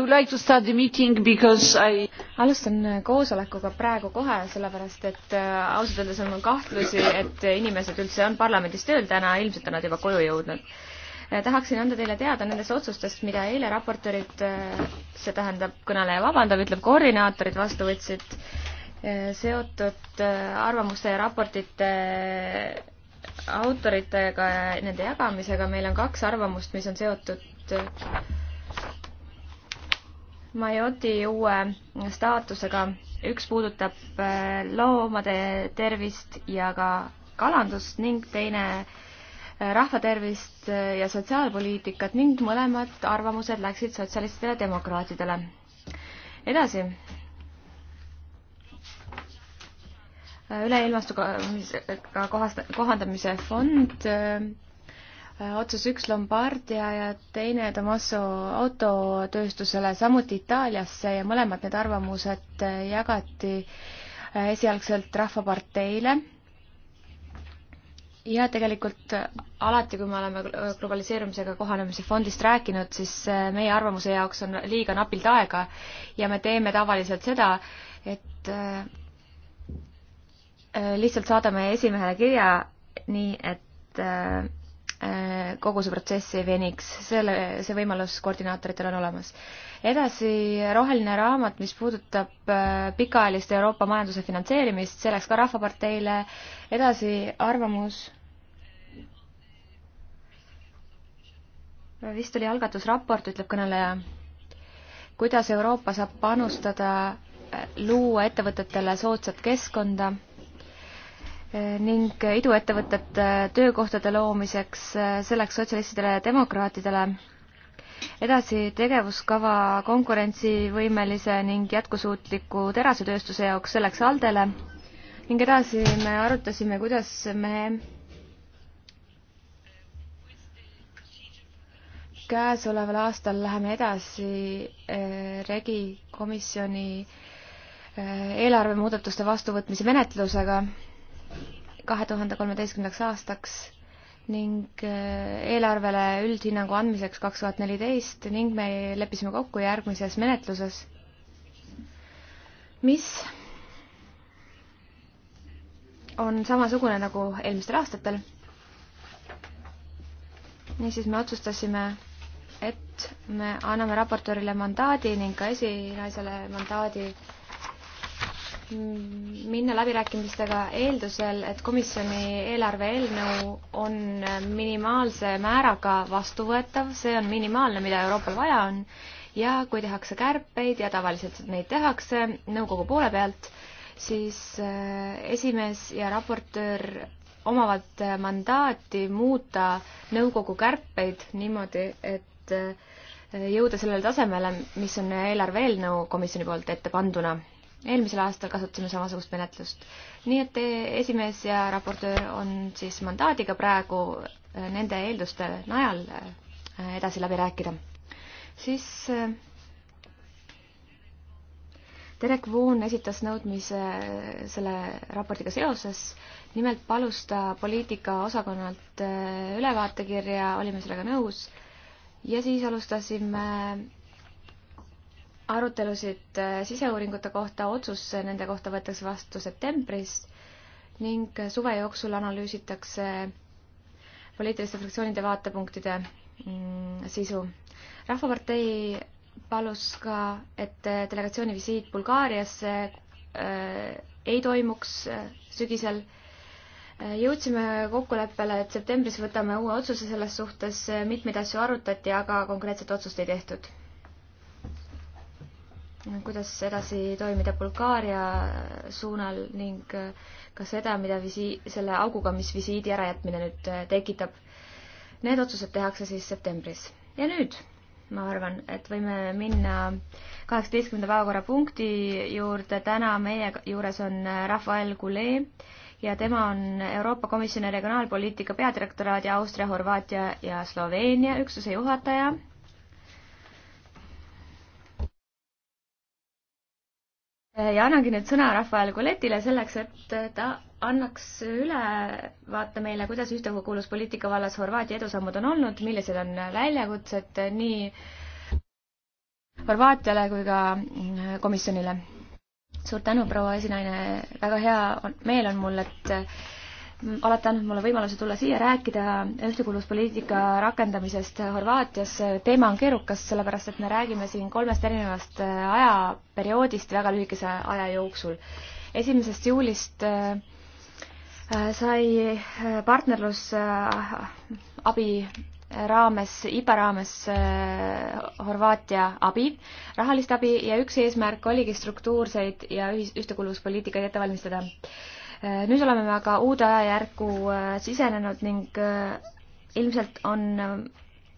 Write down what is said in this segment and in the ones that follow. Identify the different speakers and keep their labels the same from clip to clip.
Speaker 1: Like I... alustan koosolekuga praegu kohe, sellepärast et äh, ausalt öeldes on mul kahtlusi, et inimesed üldse on parlamendis tööl täna, ilmselt on nad juba koju jõudnud. Äh, tahaksin anda teile teada nendest otsustest, mida eile raportöörid, äh, see tähendab kõneleja vabandab, ütleb koordinaatorid vastu võtsid, seotud arvamuste ja raportite autoritega ja nende jagamisega, meil on kaks arvamust, mis on seotud Majoti uue staatusega. üks puudutab äh, loomade tervist ja ka kalandust ning teine äh, rahvatervist äh, ja sotsiaalpoliitikat ning mõlemad arvamused läksid sotsialistidele demokraatidele. edasi. üleilmastuga kohandamise fond Äh, otsus üks Lombardia ja teine Damaso autotööstusele, samuti Itaaliasse ja mõlemad need arvamused äh, jagati äh, esialgselt Rahvaparteile. ja tegelikult alati, kui me oleme globaliseerumisega kohanemise fondist rääkinud, siis meie arvamuse jaoks on liiga napilt aega ja me teeme tavaliselt seda, et lihtsalt saadame esimehele kirja nii, et Äh, kogu see protsess ei veniks, selle, see võimalus koordinaatoritel on olemas. edasi roheline raamat, mis puudutab äh, pikaajalist Euroopa majanduse finantseerimist, see läks ka Rahvaparteile, edasi arvamus vist oli algatusraport, ütleb kõneleja, kuidas Euroopa saab panustada, äh, luua ettevõtetele soodsat keskkonda ning iduettevõtete töökohtade loomiseks, äh, selleks sotsialistidele ja demokraatidele. edasi tegevuskava konkurentsivõimelise ning jätkusuutliku terasetööstuse jaoks, selleks ALDE-le ning edasi me arutasime, kuidas me käesoleval aastal läheme edasi äh, regi komisjoni äh, eelarvemuudatuste vastuvõtmise menetlusega kahe tuhande kolmeteistkümnendaks aastaks ning äh, eelarvele üldhinnangu andmiseks kaks tuhat neliteist ning me leppisime kokku järgmises menetluses, mis on samasugune nagu eelmistel aastatel. niisiis me otsustasime, et me anname raportöörile mandaadi ning ka esinaisele mandaadi äh, minna läbirääkimistega eeldusel, et komisjoni eelarve eelnõu on minimaalse määraga vastuvõetav, see on minimaalne, mida Euroopal vaja on, ja kui tehakse kärpeid ja tavaliselt neid tehakse nõukogu poole pealt, siis äh, esimees ja raportöör omavad äh, mandaati muuta nõukogu kärpeid niimoodi, et äh, jõuda sellele tasemele, mis on eelarve eelnõu komisjoni poolt ette panduna eelmisel aastal kasutasime samasugust menetlust. nii et esimees ja raportöör on siis mandaadiga praegu äh, nende eelduste najal äh, edasi läbi rääkida. siis äh, Derek Woon esitas nõudmise selle raportiga seoses, nimelt palus ta poliitikaosakonnalt ülevaatekirja, olime sellega nõus, ja siis alustasime arutelusid äh, siseuuringute kohta, otsus nende kohta võetakse vastu septembris ning suve jooksul analüüsitakse poliitiliste fraktsioonide vaatepunktide mm, sisu. rahvapartei palus ka, et äh, delegatsiooni visiit Bulgaariasse äh, ei toimuks sügisel. jõudsime kokkuleppele, et septembris võtame uue otsuse selles suhtes, mitmeid asju arutati, aga konkreetset otsust ei tehtud kuidas edasi toimida Bulgaaria suunal ning äh, ka seda, mida visi-, selle auguga, mis visiidi ärajätmine nüüd äh, tekitab. Need otsused tehakse siis septembris. ja nüüd ma arvan, et võime minna kaheksateistkümnenda päevakorrapunkti juurde. täna meie juures on äh, Rafael Goulet ja tema on Euroopa Komisjoni regionaalpoliitika peadirektoraadi Austria, Horvaatia ja Sloveenia üksuse juhataja ja annangi nüüd sõna Rafael Coletile selleks, et ta annaks ülevaate meile, kuidas ühtekuuluvuspoliitika vallas Horvaatia edusammud on olnud, millised on väljakutsed nii Horvaatiale kui ka komisjonile. suur tänu, proua esinaine, väga hea on, meel on mul, et olete andnud mulle võimaluse tulla siia rääkida ühtekuuluvuspoliitika rakendamisest Horvaatias. teema on keerukas, sellepärast et me räägime siin kolmest erinevast äh, ajaperioodist väga lühikese aja jooksul. esimesest juulist äh, äh, sai partnerlus abi raames, IPA raames Horvaatia abi, rahalist abi ja üks eesmärk oligi struktuurseid ja ühis-, ühtekuuluvuspoliitikaid ette valmistada Äh, nüüd oleme me aga uude ajajärku äh, sisenenud ning äh, ilmselt on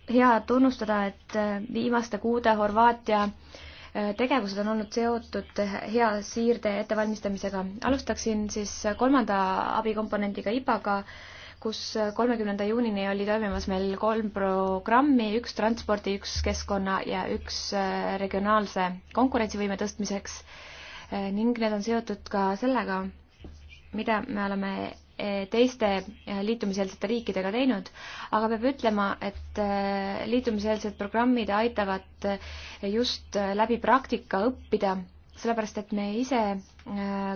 Speaker 1: hea tunnustada, et viimaste kuude Horvaatia tegevused on olnud seotud hea siirde ettevalmistamisega. alustaksin siis kolmanda abikomponendiga IPA-ga, kus kolmekümnenda juunini oli toimimas meil kolm programmi, üks transpordi, üks keskkonna ja üks regionaalse konkurentsivõime tõstmiseks ning need on seotud ka sellega, mida me oleme eh, teiste eh, liitumiseelsete riikidega teinud, aga peab ütlema, et eh, liitumiseelsed programmid aitavad just läbi praktika õppida, sellepärast et me ise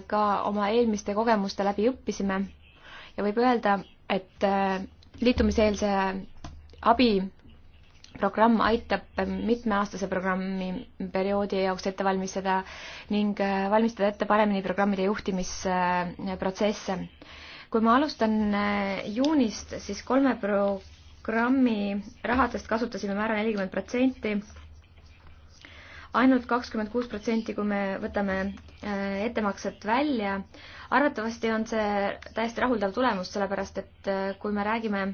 Speaker 1: ka oma eelmiste kogemuste läbi õppisime ja võib öelda, et liitumiseelse abi programm aitab mitmeaastase programmi perioodi jaoks ette valmistada ning äh, valmistada ette paremini programmide juhtimisprotsesse. kui ma alustan äh, juunist, siis kolme programmi rahadest kasutasime me ära nelikümmend protsenti, ainult kakskümmend kuus protsenti, kui me võtame äh, ettemaksed välja. arvatavasti on see täiesti rahuldav tulemus, sellepärast et kui me räägime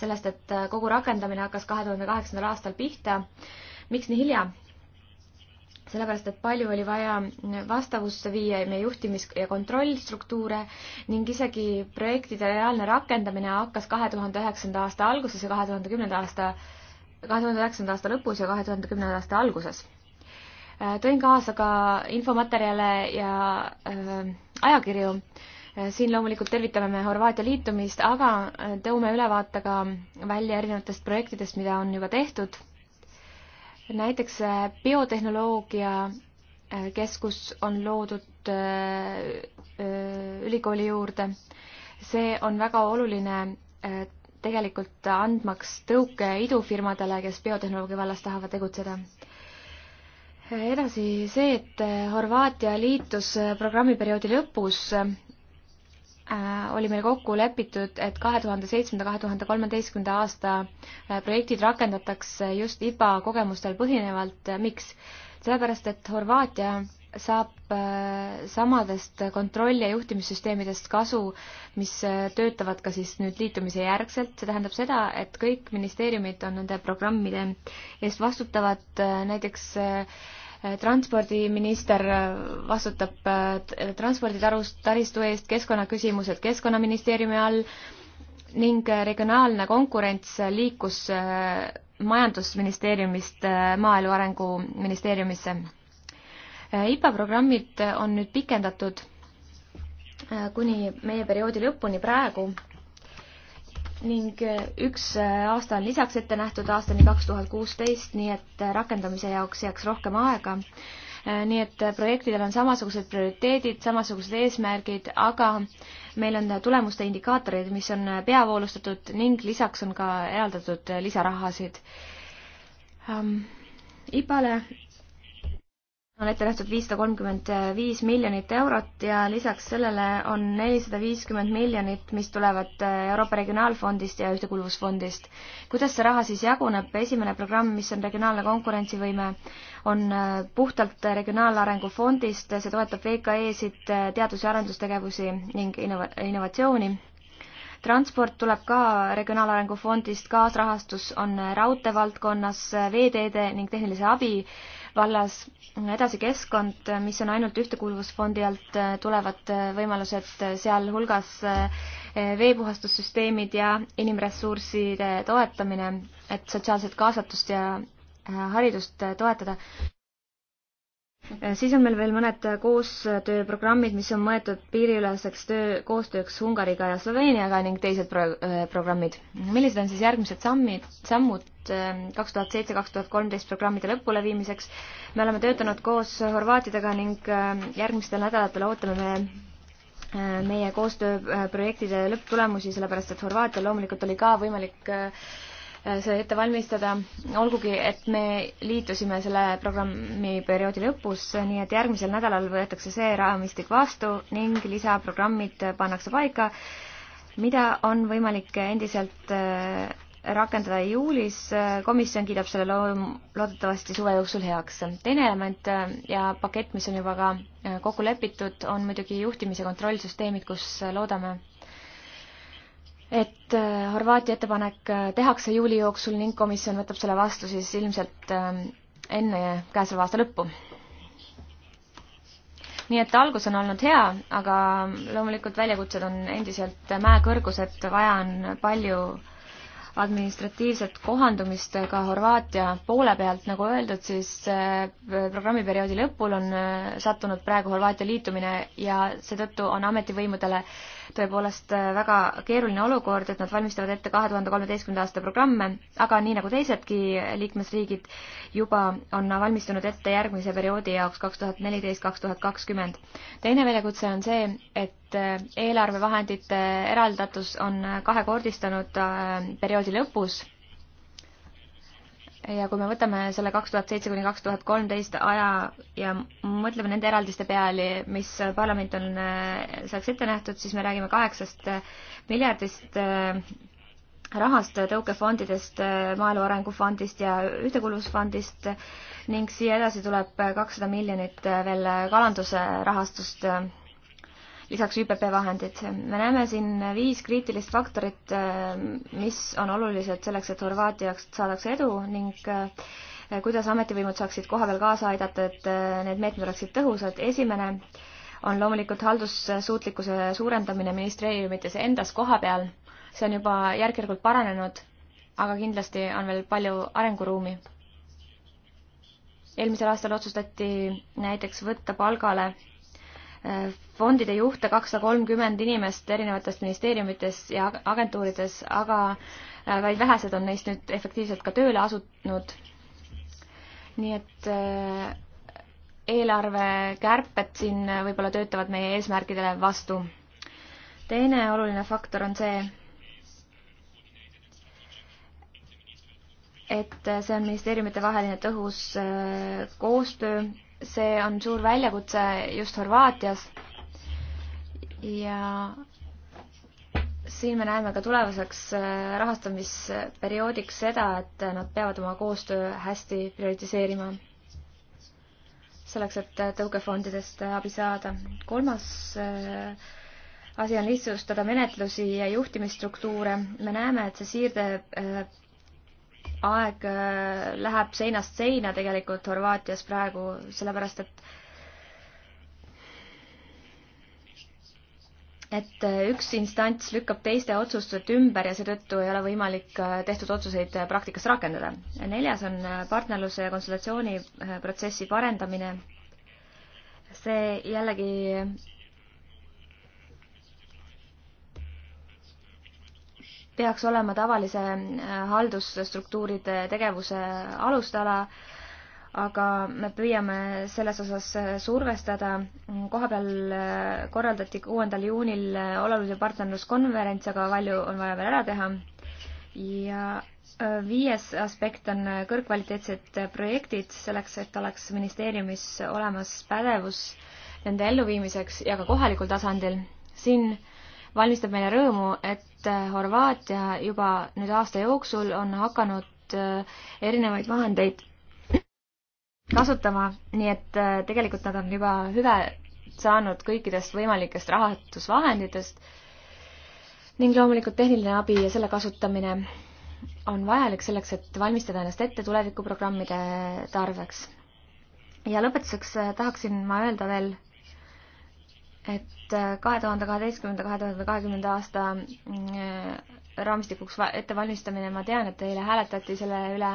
Speaker 1: sellest, et kogu rakendamine hakkas kahe tuhande kaheksandal aastal pihta. miks nii hilja? sellepärast, et palju oli vaja vastavusse viia meie juhtimis- ja kontrollstruktuure ning isegi projektide reaalne rakendamine hakkas kahe tuhande üheksanda aasta alguses ja kahe tuhande kümnenda aasta, kahe tuhande üheksanda aasta lõpus ja kahe tuhande kümnenda aasta alguses. Äh, tõin kaasa ka infomaterjale ja äh, ajakirju äh, Äh, siin loomulikult tervitame me Horvaatia liitumist, aga äh, tõume ülevaate ka välja erinevatest projektidest, mida on juba tehtud. näiteks äh, biotehnoloogia keskus on loodud ülikooli juurde. see on väga oluline tegelikult andmaks tõuke idufirmadele, kes biotehnoloogia vallas tahavad tegutseda. edasi see, et Horvaatia liitus programmiperioodi lõpus Äh, oli meil kokku lepitud, et kahe tuhande seitsmenda, kahe tuhande kolmeteistkümnenda aasta äh, projektid rakendatakse just IBA kogemustel põhinevalt, äh, miks? sellepärast, et Horvaatia saab samadest kontrolli- ja juhtimissüsteemidest kasu, mis töötavad ka siis nüüd liitumise järgselt, see tähendab seda, et kõik ministeeriumid on nende programmide eest vastutavad, näiteks transpordiminister vastutab äh, transporditaristu eest, keskkonnaküsimused Keskkonnaministeeriumi all ning regionaalne konkurents liikus äh, majandusministeeriumist äh, Maaelu Arengu Ministeeriumisse. IPA programmid on nüüd pikendatud kuni meie perioodi lõpuni praegu ning eh, üks eh, aasta on lisaks ette nähtud aastani kaks tuhat kuusteist, nii et eh, rakendamise jaoks jääks rohkem aega. nii et projektidel on samasugused prioriteedid, samasugused eesmärgid, aga meil on tulemuste indikaatorid, mis on peavoolustatud ning lisaks on ka eraldatud lisarahasid um,. IPA-le on ette nähtud viissada kolmkümmend viis miljonit eurot ja lisaks sellele on nelisada viiskümmend miljonit, mis tulevad äh, Euroopa Regionaalfondist ja Ühtekuuluvusfondist. kuidas see raha siis jaguneb, esimene programm, mis on regionaalne konkurentsivõime, on äh, puhtalt Regionaalarengu fondist, see toetab VKE-sid, äh, teadus- ja arendustegevusi ning innova-, innovatsiooni. transport tuleb ka Regionaalarengu fondist, kaasrahastus on raudtee valdkonnas, veeteede ning tehnilise abi vallas, edasi keskkond, mis on ainult Ühtekuuluvusfondi alt äh, tulevad äh, võimalused, äh, sealhulgas veepuhastussüsteemid ja inimressursside toetamine, et sotsiaalset kaasatust ja haridust toetada Äh, siis on meil veel mõned äh, koostööprogrammid, mis on mõeldud piiriüleseks töö, koostööks Ungariga ja Sloveeniaga ning teised pro-, äh, programmid. millised on siis järgmised sammid, sammud kaks tuhat seitse, kaks tuhat kolmteist programmide lõpuleviimiseks? me oleme töötanud koos horvaatidega ning järgmistel nädalatel ootame me meie koostööprojektide lõpptulemusi, sellepärast et Horvaatial loomulikult oli ka võimalik Äh, see ette valmistada, olgugi et me liitusime selle programmi perioodi lõpus, nii et järgmisel nädalal võetakse see raamistik vastu ning lisaprogrammid pannakse paika, mida on võimalik endiselt äh, rakendada juulis, komisjon kiidab selle loo-, loodetavasti suve jooksul heaks. teine element äh, ja pakett, mis on juba ka kokku lepitud, on muidugi juhtimise kontrollsüsteemid, kus loodame et äh, Horvaatia ettepanek äh, tehakse juuli jooksul ning komisjon võtab selle vastu siis ilmselt ähm, enne käesoleva aasta lõppu. nii et algus on olnud hea, aga loomulikult väljakutsed on endiselt mäekõrgused, vaja on palju äh, administratiivset kohandumist ka Horvaatia poole pealt, nagu öeldud, siis äh, programmiperioodi lõpul on äh, sattunud praegu Horvaatia liitumine ja seetõttu on ametivõimudele tõepoolest äh, väga keeruline olukord, et nad valmistavad ette kahe tuhande kolmeteistkümnenda aasta programme, aga nii nagu teisedki liikmesriigid juba on valmistunud ette järgmise perioodi jaoks kaks tuhat neliteist, kaks tuhat kakskümmend. teine väljakutse on see, et et äh, eelarvevahendite eraldatus on äh, kahekordistanud äh, perioodi lõpus. ja kui me võtame selle kaks tuhat seitse kuni kaks tuhat kolmteist aja ja mõtleme nende eraldiste peale, mis parlament on selleks ette nähtud, siis me räägime kaheksast miljardist rahast, tõukefondidest, Maaelu Arengu Fondist ja Ühtekuuluvusfondist ning siia edasi tuleb kakssada miljonit veel kalanduse rahastust lisaks ÜPP vahendid. me näeme siin viis kriitilist faktorit, mis on olulised selleks, et Horvaatia jaoks saadakse edu ning eh, kuidas ametivõimud saaksid kohapeal kaasa aidata, et eh, need meetmed oleksid tõhusad. esimene on loomulikult haldussuutlikkuse suurendamine ministeeriumites endas kohapeal. see on juba järk-järgult paranenud, aga kindlasti on veel palju arenguruumi. eelmisel aastal otsustati näiteks võtta palgale fondide juhte kakssada kolmkümmend inimest erinevates ministeeriumites ja agentuurides, aga äh, vaid vähesed on neist nüüd efektiivselt ka tööle asunud. nii et äh, eelarvekärped siin äh, võib-olla töötavad meie eesmärkidele vastu. teine oluline faktor on see, et see on ministeeriumite vaheline tõhus koostöö see on suur väljakutse just Horvaatias ja siin me näeme ka tulevaseks äh, rahastamisperioodiks seda, et nad peavad oma koostöö hästi prioritiseerima. selleks, et tõukefondidest abi saada. kolmas äh, asi on lihtsustada menetlusi ja juhtimisstruktuure. me näeme, et see siirde äh, aeg äh, läheb seinast seina tegelikult Horvaatias praegu, sellepärast et et äh, üks instants lükkab teiste otsustused ümber ja seetõttu ei ole võimalik äh, tehtud otsuseid praktikas rakendada. neljas on partnerluse ja konsultatsiooniprotsessi parendamine. see jällegi peaks olema tavalise äh, haldusstruktuuride tegevuse alustala, aga me püüame selles osas äh, survestada. kohapeal äh, korraldati kuuendal juunil olulise partnerluskonverents, aga palju on vaja veel ära teha. ja viies aspekt on kõrgkvaliteetsed projektid, selleks et oleks ministeeriumis olemas pädevus nende elluviimiseks ja ka kohalikul tasandil. siin äh, valmistab meile rõõmu, et Horvaatia juba nüüd aasta jooksul on hakanud äh, erinevaid vahendeid kasutama, nii et äh, tegelikult nad on juba hüve saanud kõikidest võimalikest rahastusvahenditest ning loomulikult tehniline abi ja selle kasutamine on vajalik selleks, et valmistada ennast ette tulevikuprogrammide tarveks. ja lõpetuseks äh, tahaksin ma öelda veel et äh, kahe tuhande kaheteistkümnenda, kahe tuhande kahekümnenda aasta äh, raamistikuks ettevalmistamine, ma tean, et eile hääletati selle üle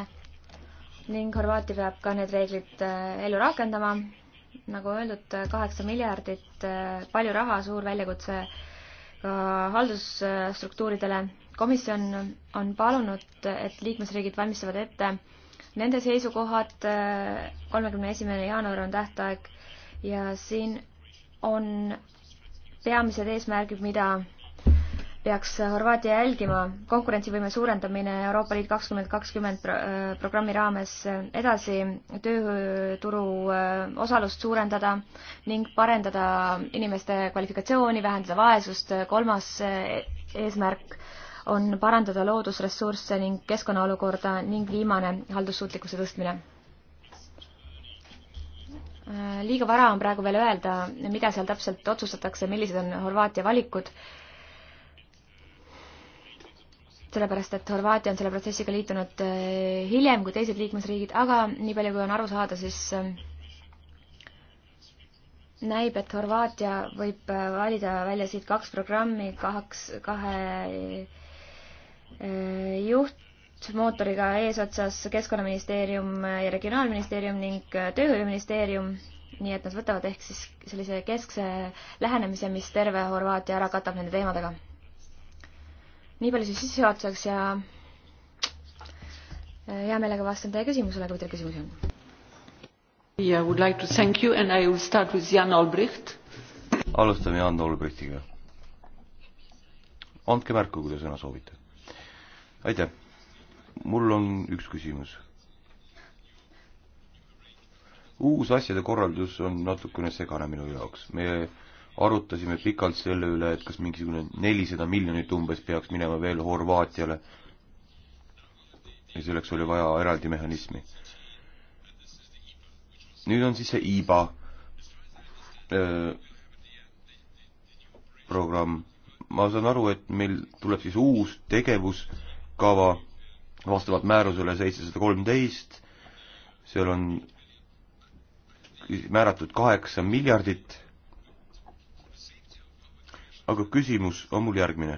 Speaker 1: ning Horvaatia peab ka need reeglid äh, ellu rakendama. nagu öeldud, kaheksa miljardit, palju raha, suur väljakutse ka haldusstruktuuridele. komisjon on palunud, et liikmesriigid valmistavad ette nende seisukohad. kolmekümne esimene jaanuar on tähtaeg ja siin on peamised eesmärgid, mida peaks Horvaatia jälgima, konkurentsivõime suurendamine Euroopa Liit kakskümmend kakskümmend äh, programmi raames, äh, edasi tööturu äh, osalust suurendada ning parendada inimeste kvalifikatsiooni, vähendada vaesust, kolmas eesmärk on parandada loodusressursse ning keskkonnaolukorda ning viimane, haldussuutlikkuse tõstmine Äh, liiga vara on praegu veel öelda, mida seal täpselt otsustatakse, millised on Horvaatia valikud. sellepärast, et Horvaatia on selle protsessiga liitunud äh, hiljem kui teised liikmesriigid, aga nii palju, kui on aru saada, siis äh, näib, et Horvaatia võib valida välja siit kaks programmi, kaks, kahe juht, koos mootoriga eesotsas Keskkonnaministeerium ja Regionaalministeerium ning Tööhõiveministeerium, nii et nad võtavad ehk siis sellise keskse lähenemise, mis terve Horvaatia ära katab nende teemadega. nii palju siis sissejuhatuseks ja äh, hea meelega vastan teie küsimusele, kui teil
Speaker 2: küsimusi on. Yeah, I would like to thank you and I will start with Jan Olbricht.
Speaker 3: alustame Jan Olbrichtiga. andke märku, kui te sõna soovite. aitäh mul on üks küsimus. uus asjade korraldus on natukene segane minu jaoks. me arutasime pikalt selle üle, et kas mingisugune nelisada miljonit umbes peaks minema veel Horvaatiale. ja selleks oli vaja eraldi mehhanismi. nüüd on siis see IBA öö, programm. ma saan aru, et meil tuleb siis uus tegevuskava vastavalt määrusele seitsesada kolmteist, seal on määratud kaheksa miljardit. aga küsimus on mul järgmine,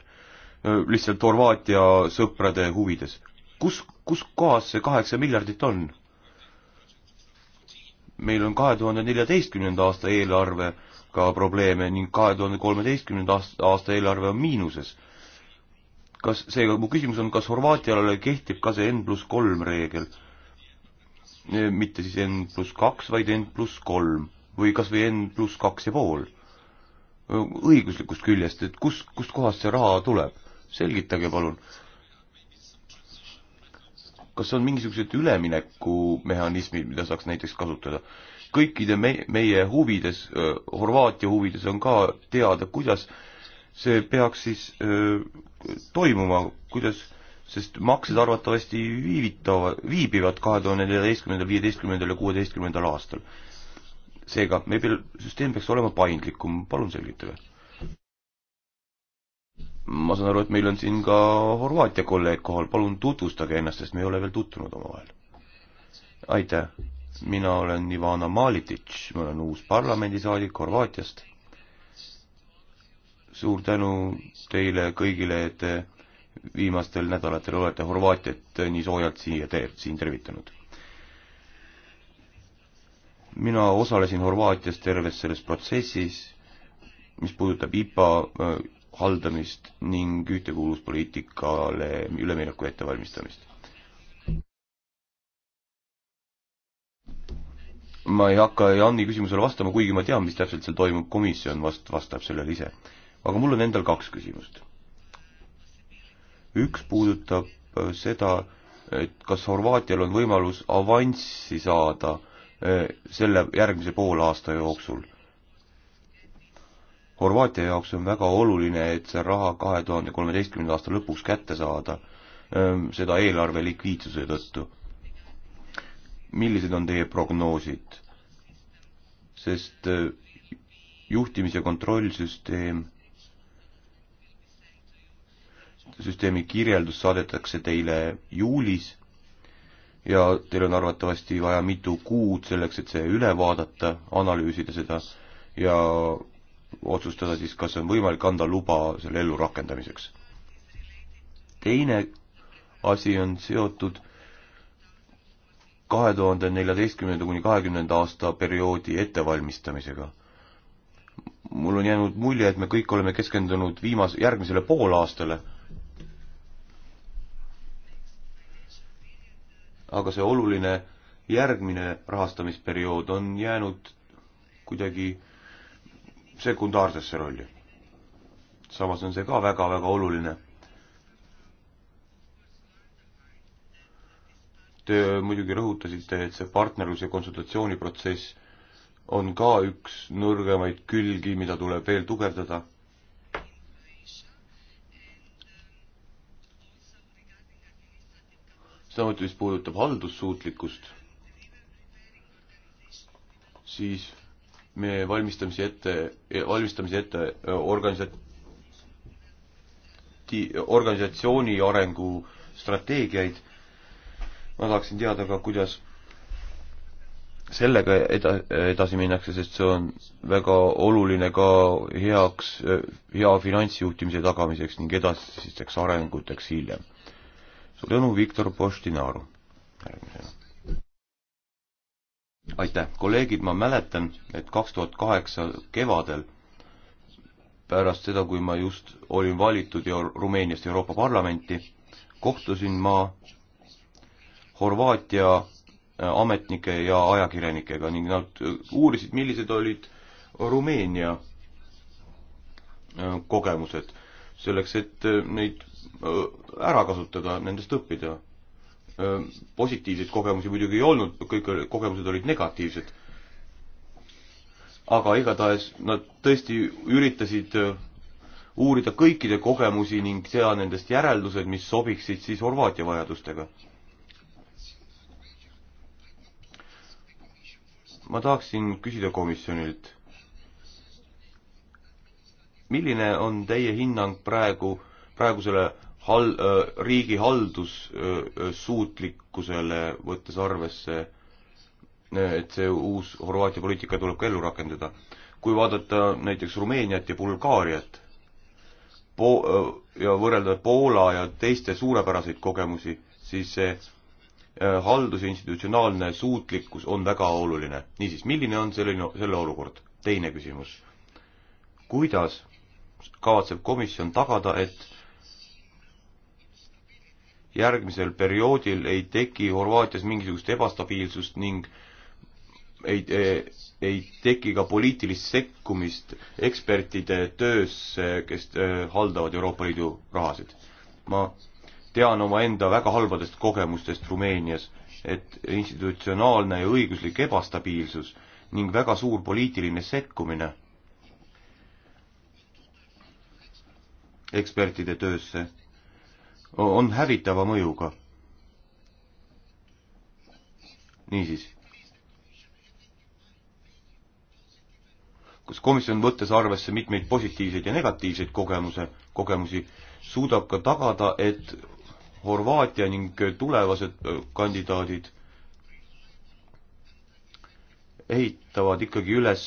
Speaker 3: lihtsalt Horvaatia sõprade huvides. kus, kus kohas see kaheksa miljardit on? meil on kahe tuhande neljateistkümnenda aasta eelarvega probleeme ning kahe tuhande kolmeteistkümnenda aasta eelarve on miinuses kas, seega mu küsimus on, kas Horvaatiale kehtib ka see N pluss kolm reegel? E, mitte siis N pluss kaks, vaid N pluss kolm või kas või N pluss kaks ja pool? E, õiguslikust küljest, et kus, kust kohast see raha tuleb? selgitage palun. kas on mingisugused üleminekumehhanismid, mida saaks näiteks kasutada? kõikide me-, meie huvides, e, Horvaatia huvides on ka teada, kuidas äh, see peaks siis öö, toimuma, kuidas, sest maksed arvatavasti viivitavad, viibivad kahe tuhande neljateistkümnendal, viieteistkümnendal ja kuueteistkümnendal aastal. seega meil peal, süsteem peaks olema paindlikum, palun selgitage. ma saan aru, et meil on siin ka Horvaatia kolleeg kohal, palun tutvustage ennast, sest me ei ole veel tutvunud omavahel. aitäh, mina olen Ivana Malititš, ma olen uus parlamendisaadik Horvaatiast suur tänu teile kõigile, et te viimastel nädalatel olete Horvaatiat nii soojalt siia te-, siin tervitanud. mina osalesin Horvaatias terves selles protsessis, mis puudutab IPA äh, haldamist ning ühtekuuluvuspoliitikale ülemineku ettevalmistamist. ma ei hakka Janni küsimusele vastama, kuigi ma tean, mis täpselt seal toimub, komisjon vast-, vastab sellele ise aga mul on endal kaks küsimust. üks puudutab äh, seda, et kas Horvaatial on võimalus avanssi saada äh, selle järgmise poole aasta jooksul. Horvaatia jaoks on väga oluline, et see raha kahe tuhande kolmeteistkümnenda aasta lõpuks kätte saada, ähm, seda eelarve likviidsuse tõttu. millised on teie prognoosid? sest äh, juhtimis- ja kontrollsüsteem süsteemi kirjeldus saadetakse teile juulis ja teil on arvatavasti vaja mitu kuud selleks, et see üle vaadata, analüüsida seda ja otsustada siis, kas on võimalik anda luba selle ellurakendamiseks. teine asi on seotud kahe tuhande neljateistkümnenda kuni kahekümnenda aasta perioodi ettevalmistamisega. mul on jäänud mulje, et me kõik oleme keskendunud viimase, järgmisele poolaastale aga see oluline järgmine rahastamisperiood on jäänud kuidagi sekundaarsesse rolli. samas on see ka väga-väga oluline. Te muidugi rõhutasite, et see partnerlus- ja konsultatsiooniprotsess on ka üks nõrgemaid külgi, mida tuleb veel tugevdada samuti, mis puudutab haldussuutlikkust, siis me valmistamise ette, valmistamise ette organisa-, organisatsiooni arengu strateegiaid. ma tahaksin teada ka, kuidas sellega eda-, edasi minnakse, sest see on väga oluline ka heaks, hea finantsjuhtimise tagamiseks ning edasisteks arenguteks hiljem suur tänu, Viktor Postinaru. järgmisena. aitäh, kolleegid, ma mäletan, et kaks tuhat kaheksa kevadel pärast seda, kui ma just olin valitud Euro Rumeeniast Euroopa Parlamenti, kohtusin ma Horvaatia äh, ametnike ja ajakirjanikega ning nad äh, uurisid, millised olid Rumeenia äh, kogemused selleks, et neid ära kasutada, nendest õppida. positiivseid kogemusi muidugi ei olnud, kõik kogemused olid negatiivsed. aga igatahes nad tõesti üritasid uurida kõikide kogemusi ning teha nendest järeldused, mis sobiksid siis Horvaatia vajadustega. ma tahaksin küsida komisjonilt milline on teie hinnang praegu praegusele hal-, riigi haldussuutlikkusele, võttes arvesse, et see uus Horvaatia poliitika tuleb ka ellu rakendada. kui vaadata näiteks Rumeeniat ja Bulgaariat po-, ja võrrelda Poola ja teiste suurepäraseid kogemusi, siis see haldus- ja institutsionaalne suutlikkus on väga oluline. niisiis, milline on selline, selle olukord? teine küsimus. kuidas kavatseb komisjon tagada, et järgmisel perioodil ei teki Horvaatias mingisugust ebastabiilsust ning ei, ei, ei teki ka poliitilist sekkumist ekspertide töösse, kes äh, haldavad Euroopa Liidu rahasid. ma tean omaenda väga halbadest kogemustest Rumeenias, et institutsionaalne ja õiguslik ebastabiilsus ning väga suur poliitiline sekkumine ekspertide töösse on hävitava mõjuga. niisiis. kas komisjon, võttes arvesse mitmeid positiivseid ja negatiivseid kogemuse, kogemusi, suudab ka tagada, et Horvaatia ning tulevased kandidaadid ehitavad ikkagi üles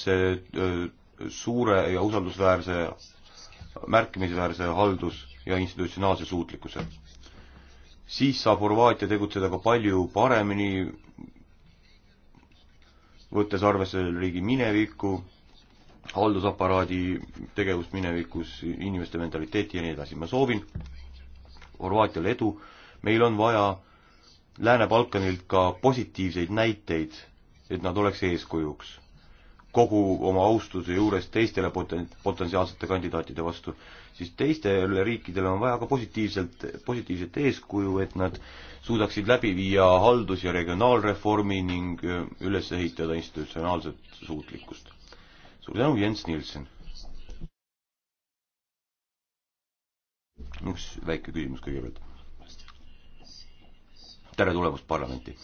Speaker 3: suure ja usaldusväärse, märkimisväärse haldus- ja institutsionaalse suutlikkuse. siis saab Horvaatia tegutseda ka palju paremini, võttes arvesse riigi minevikku, haldusaparaadi tegevust minevikus, inimeste mentaliteeti ja nii edasi. ma soovin Horvaatiale edu, meil on vaja Lääne-Balkanilt ka positiivseid näiteid, et nad oleks eeskujuks kogu oma austuse juures teistele poten-, potentsiaalsete kandidaatide vastu siis teistele riikidele on vaja ka positiivselt, positiivset eeskuju, et nad suudaksid läbi viia haldus- ja regionaalreformi ning äh, üles ehitada institutsionaalset suutlikkust. suur tänu, Jens Nielsen. üks väike küsimus kõigepealt. tere tulemast parlamenti.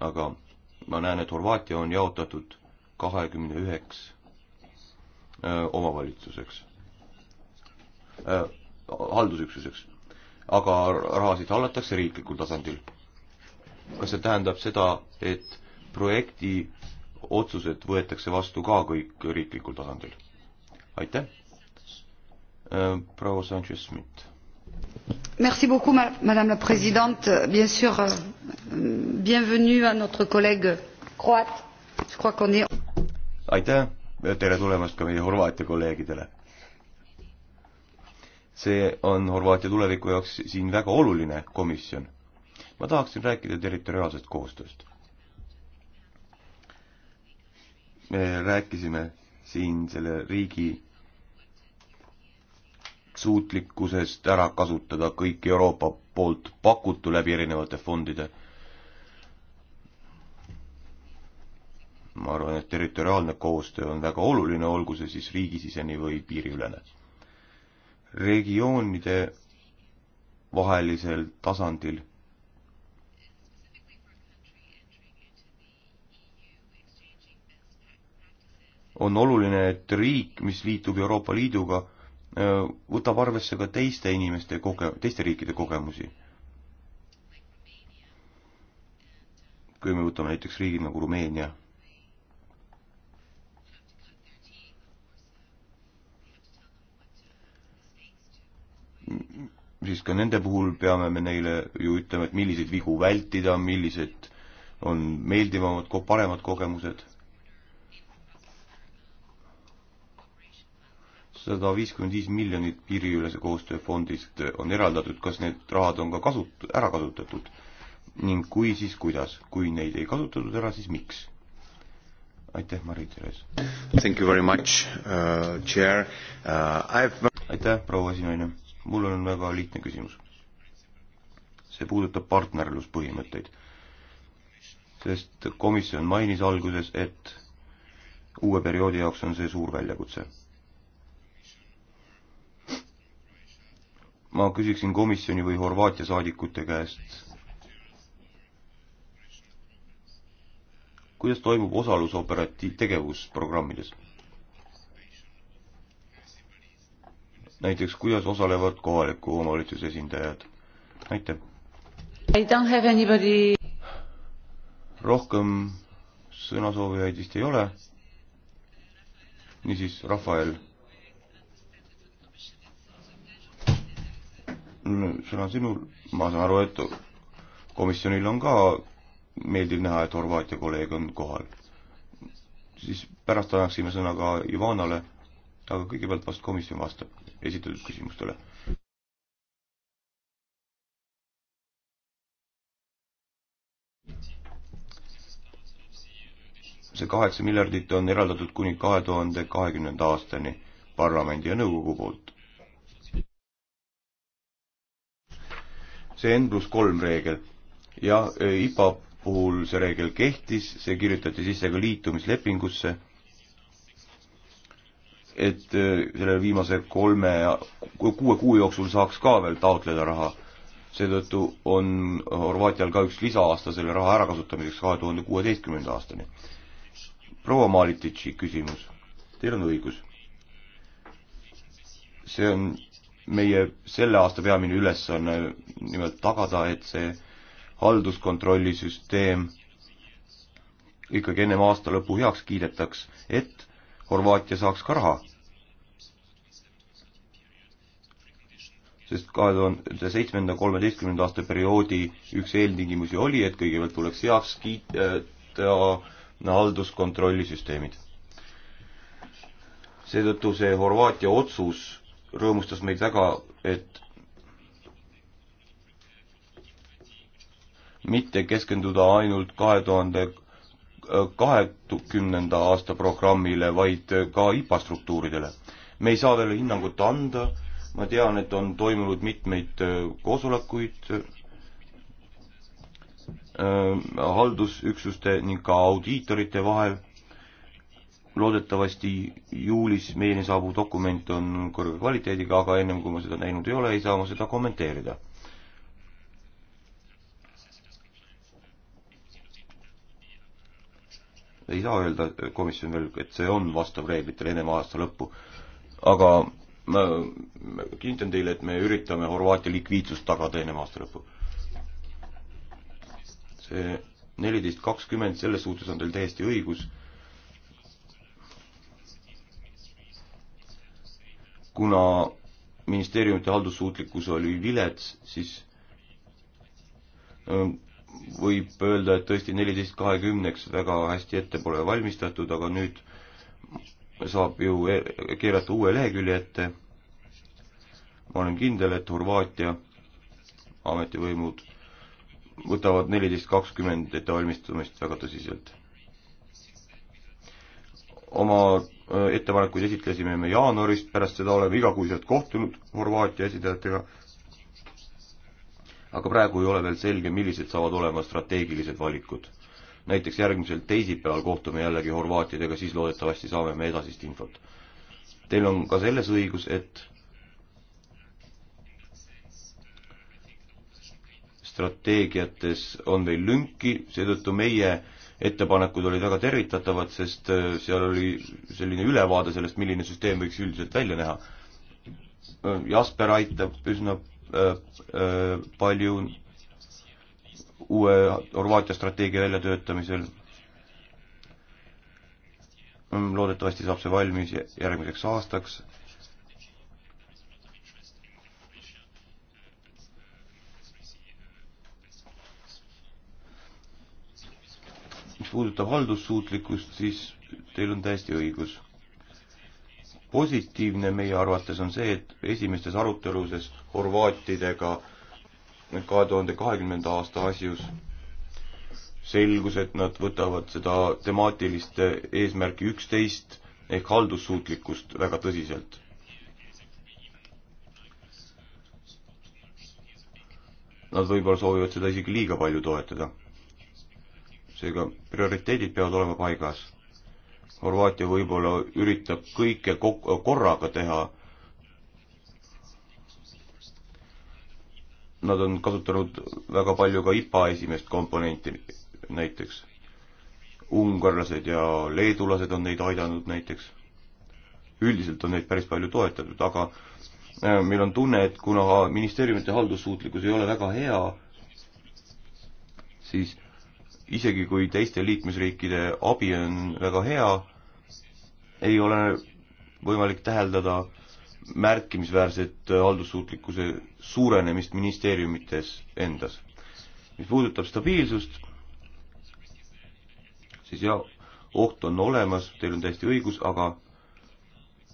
Speaker 3: aga ma näen, et Horvaatia on jaotatud kahekümne üheks äh, omavalitsuseks äh, haldusüksuseks. aga rahasid hallatakse riiklikul tasandil. kas see tähendab seda, et projekti otsused võetakse vastu ka kõik riiklikul tasandil? aitäh äh,. proua Sanchez-Smith.
Speaker 2: Merci beaucoup, Madame la Présidente. Bien sûr, euh, bienvenue à notre collègue croate. Je crois qu'on est.
Speaker 3: Aitäh, tere tulemast ka meie Horvaatia kolleegidele see on Horvaatia tuleviku jaoks siin väga oluline komisjon. ma tahaksin rääkida territoriaalsest koostööst. me rääkisime siin selle riigi suutlikkusest ära kasutada kõik Euroopa poolt pakutu läbi erinevate fondide. ma arvan, et territoriaalne koostöö on väga oluline, olgu see siis riigisisene või piiriülene regioonide vahelisel tasandil. on oluline, et riik, mis liitub Euroopa Liiduga, äh, võtab arvesse ka teiste inimeste koge-, teiste riikide kogemusi. kui me võtame näiteks riigid nagu Rumeenia siis ka nende puhul peame me neile ju ütlema, et milliseid vigu vältida, millised on meeldivamad, paremad kogemused. sada viiskümmend viis miljonit piiriülese koostöö fondist on eraldatud, kas need rahad on ka kasut-, ära kasutatud? ning kui, siis kuidas? kui neid ei kasutatud ära, siis miks? aitäh, Mari-Teres! Thank you very much uh,, chair uh,. I've aitäh, proua esinaine! mul on väga lihtne küsimus. see puudutab partnerluspõhimõtteid. sest komisjon mainis alguses, et uue perioodi jaoks on see suur väljakutse. ma küsiksin komisjoni või Horvaatia saadikute käest, kuidas toimub osalus operatiiv-, tegevusprogrammides? näiteks kuidas osalevad kohaliku omavalitsuse esindajad? aitäh! rohkem sõnasoovijaid vist ei ole. niisiis, Rafael. sõna sinul, ma saan aru, et komisjonil on ka meeldiv näha, et Horvaatia kolleeg on kohal. siis pärast annaksime sõna ka Ivanale aga kõigepealt vast komisjon vastab esitatud küsimustele. see kaheksa miljardit on eraldatud kuni kahe tuhande kahekümnenda aastani parlamendi ja nõukogu poolt. see N pluss kolm reegel ja e, IPA puhul see reegel kehtis, see kirjutati sisse ka liitumislepingusse et äh, selle viimase kolme ja kuue kuu jooksul saaks ka veel taotleda raha. seetõttu on Horvaatial ka üks lisaaasta selle raha ärakasutamiseks kahe tuhande kuueteistkümnenda aastani. proua Malititši küsimus, teil on õigus. see on meie selle aasta peamine ülesanne, nimelt tagada, et see halduskontrollisüsteem ikkagi ennem aasta lõpu heaks kiidetaks, et Horvaatia saaks ka raha. sest kahe tuhande seitsmenda, kolmeteistkümnenda aasta perioodi üks eeltingimusi oli, et kõigepealt tuleks heaks kiita halduskontrollisüsteemid. seetõttu see Horvaatia otsus rõõmustas meid väga, et mitte keskenduda ainult kahe tuhande kahekümnenda aasta programmile, vaid ka IPA struktuuridele. me ei saa veel hinnangut anda, ma tean, et on toimunud mitmeid äh, koosolekuid äh, haldusüksuste ning ka audiitorite vahel. loodetavasti juulis meieni saabuv dokument on kõrge kvaliteediga, aga ennem kui ma seda näinud ei ole, ei saa ma seda kommenteerida. ei saa öelda äh, komisjon veel, et see on vastav reeglitele ennem aasta lõppu, aga ma kinnitan teile, et me üritame Horvaatia likviidsust tagada enne aasta lõppu. see neliteist kakskümmend, selles suhtes on teil täiesti õigus. kuna ministeeriumite haldussuutlikkus oli vilets, siis ähm, võib öelda, et tõesti neliteist kahekümneks väga hästi ette pole valmistatud, aga nüüd saab ju e-, keerata uue lehekülje ette. ma olen kindel, et Horvaatia ametivõimud võtavad neliteist kakskümmend ettevalmistumist väga tõsiselt. oma ettepanekuid esitlesime me jaanuarist, pärast seda oleme igakuiselt kohtunud Horvaatia esindajatega, aga praegu ei ole veel selge, millised saavad olema strateegilised valikud näiteks järgmisel teisipäeval kohtume jällegi horvaatidega, siis loodetavasti saame me edasist infot. Teil on ka selles õigus, et strateegiates on veel lünki, seetõttu meie ettepanekud olid väga tervitatavad, sest äh, seal oli selline ülevaade sellest, milline süsteem võiks üldiselt välja näha. Äh, Jasper aitab üsna äh, äh, palju uue Horvaatia strateegia väljatöötamisel. loodetavasti saab see valmis järgmiseks aastaks. mis puudutab haldussuutlikkust, siis teil on täiesti õigus positiivne meie arvates on see, et esimestes aruteludes Horvaatidega kahe tuhande kahekümnenda aasta asjus selgus, et nad võtavad seda temaatilist eesmärki üksteist ehk haldussuutlikkust väga tõsiselt. Nad võib-olla soovivad seda isegi liiga palju toetada. seega prioriteedid peavad olema paigas. Horvaatia võib-olla üritab kõike korraga teha nad on kasutanud väga palju ka IPA esimest komponenti näiteks. ungarlased ja leedulased on neid aidanud näiteks. üldiselt on neid päris palju toetatud, aga äh, meil on tunne, et kuna ministeeriumite haldussuutlikkus ei ole väga hea, siis isegi kui teiste liikmesriikide abi on väga hea, ei ole võimalik täheldada märkimisväärset äh, haldussuutlikkuse suurenemist ministeeriumites endas. mis puudutab stabiilsust, siis jah, oht on olemas, teil on täiesti õigus, aga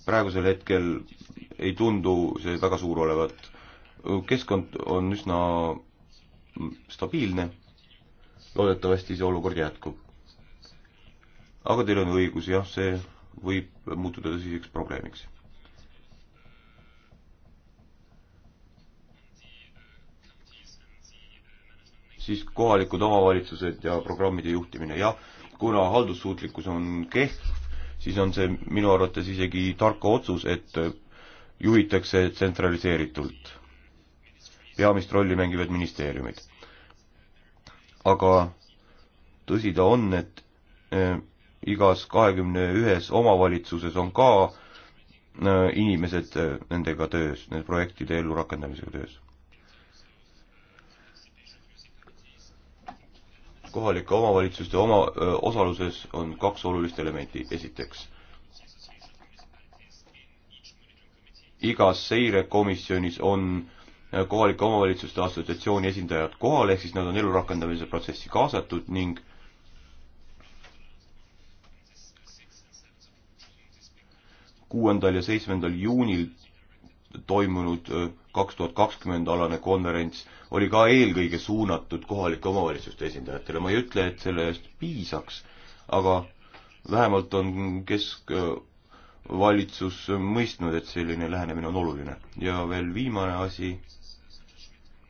Speaker 3: praegusel hetkel ei tundu see väga suur olevat. keskkond on üsna stabiilne, loodetavasti see olukord jätkub. aga teil on õigus, jah, see võib muutuda tõsiseks probleemiks siis kohalikud omavalitsused ja programmide juhtimine, jah, kuna haldussuutlikkus on kehv, siis on see minu arvates isegi tarka otsus, et juhitakse tsentraliseeritult. peamist rolli mängivad ministeeriumid. aga tõsi ta on, et eh, igas kahekümne ühes omavalitsuses on ka eh, inimesed eh, nendega töös, nende projektide ellurakendamisega töös kohalike omavalitsuste oma, osaluses on kaks olulist elementi. esiteks, igas seirekomisjonis on kohalike omavalitsuste assotsiatsiooni esindajad kohal, ehk siis nad on elu rakendamise protsessi kaasatud ning kuuendal ja seitsmendal juunil toimunud äh, kaks tuhat kakskümmend alane konverents oli ka eelkõige suunatud kohalike omavalitsuste esindajatele. ma ei ütle, et selle eest piisaks, aga vähemalt on keskvalitsus äh, mõistnud, et selline lähenemine on oluline. ja veel viimane asi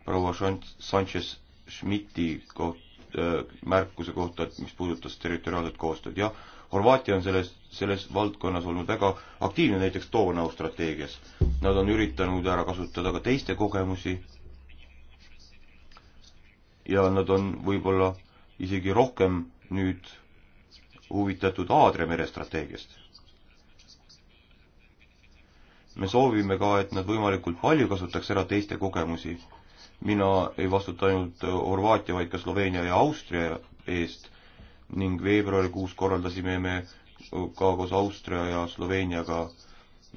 Speaker 3: proua Sanchez Schmidti koht, äh, märkuse kohta, et mis puudutas territoriaalset koostööd. jah, Horvaatia on selles, selles valdkonnas olnud väga aktiivne näiteks Donau strateegias. Nad on üritanud ära kasutada ka teiste kogemusi ja nad on võib-olla isegi rohkem nüüd huvitatud Aadria mere strateegiast. me soovime ka, et nad võimalikult palju kasutaks ära teiste kogemusi. mina ei vastuta ainult Horvaatia, vaid ka Sloveenia ja Austria eest ning veebruarikuus korraldasime me ka koos Austria ja Sloveeniaga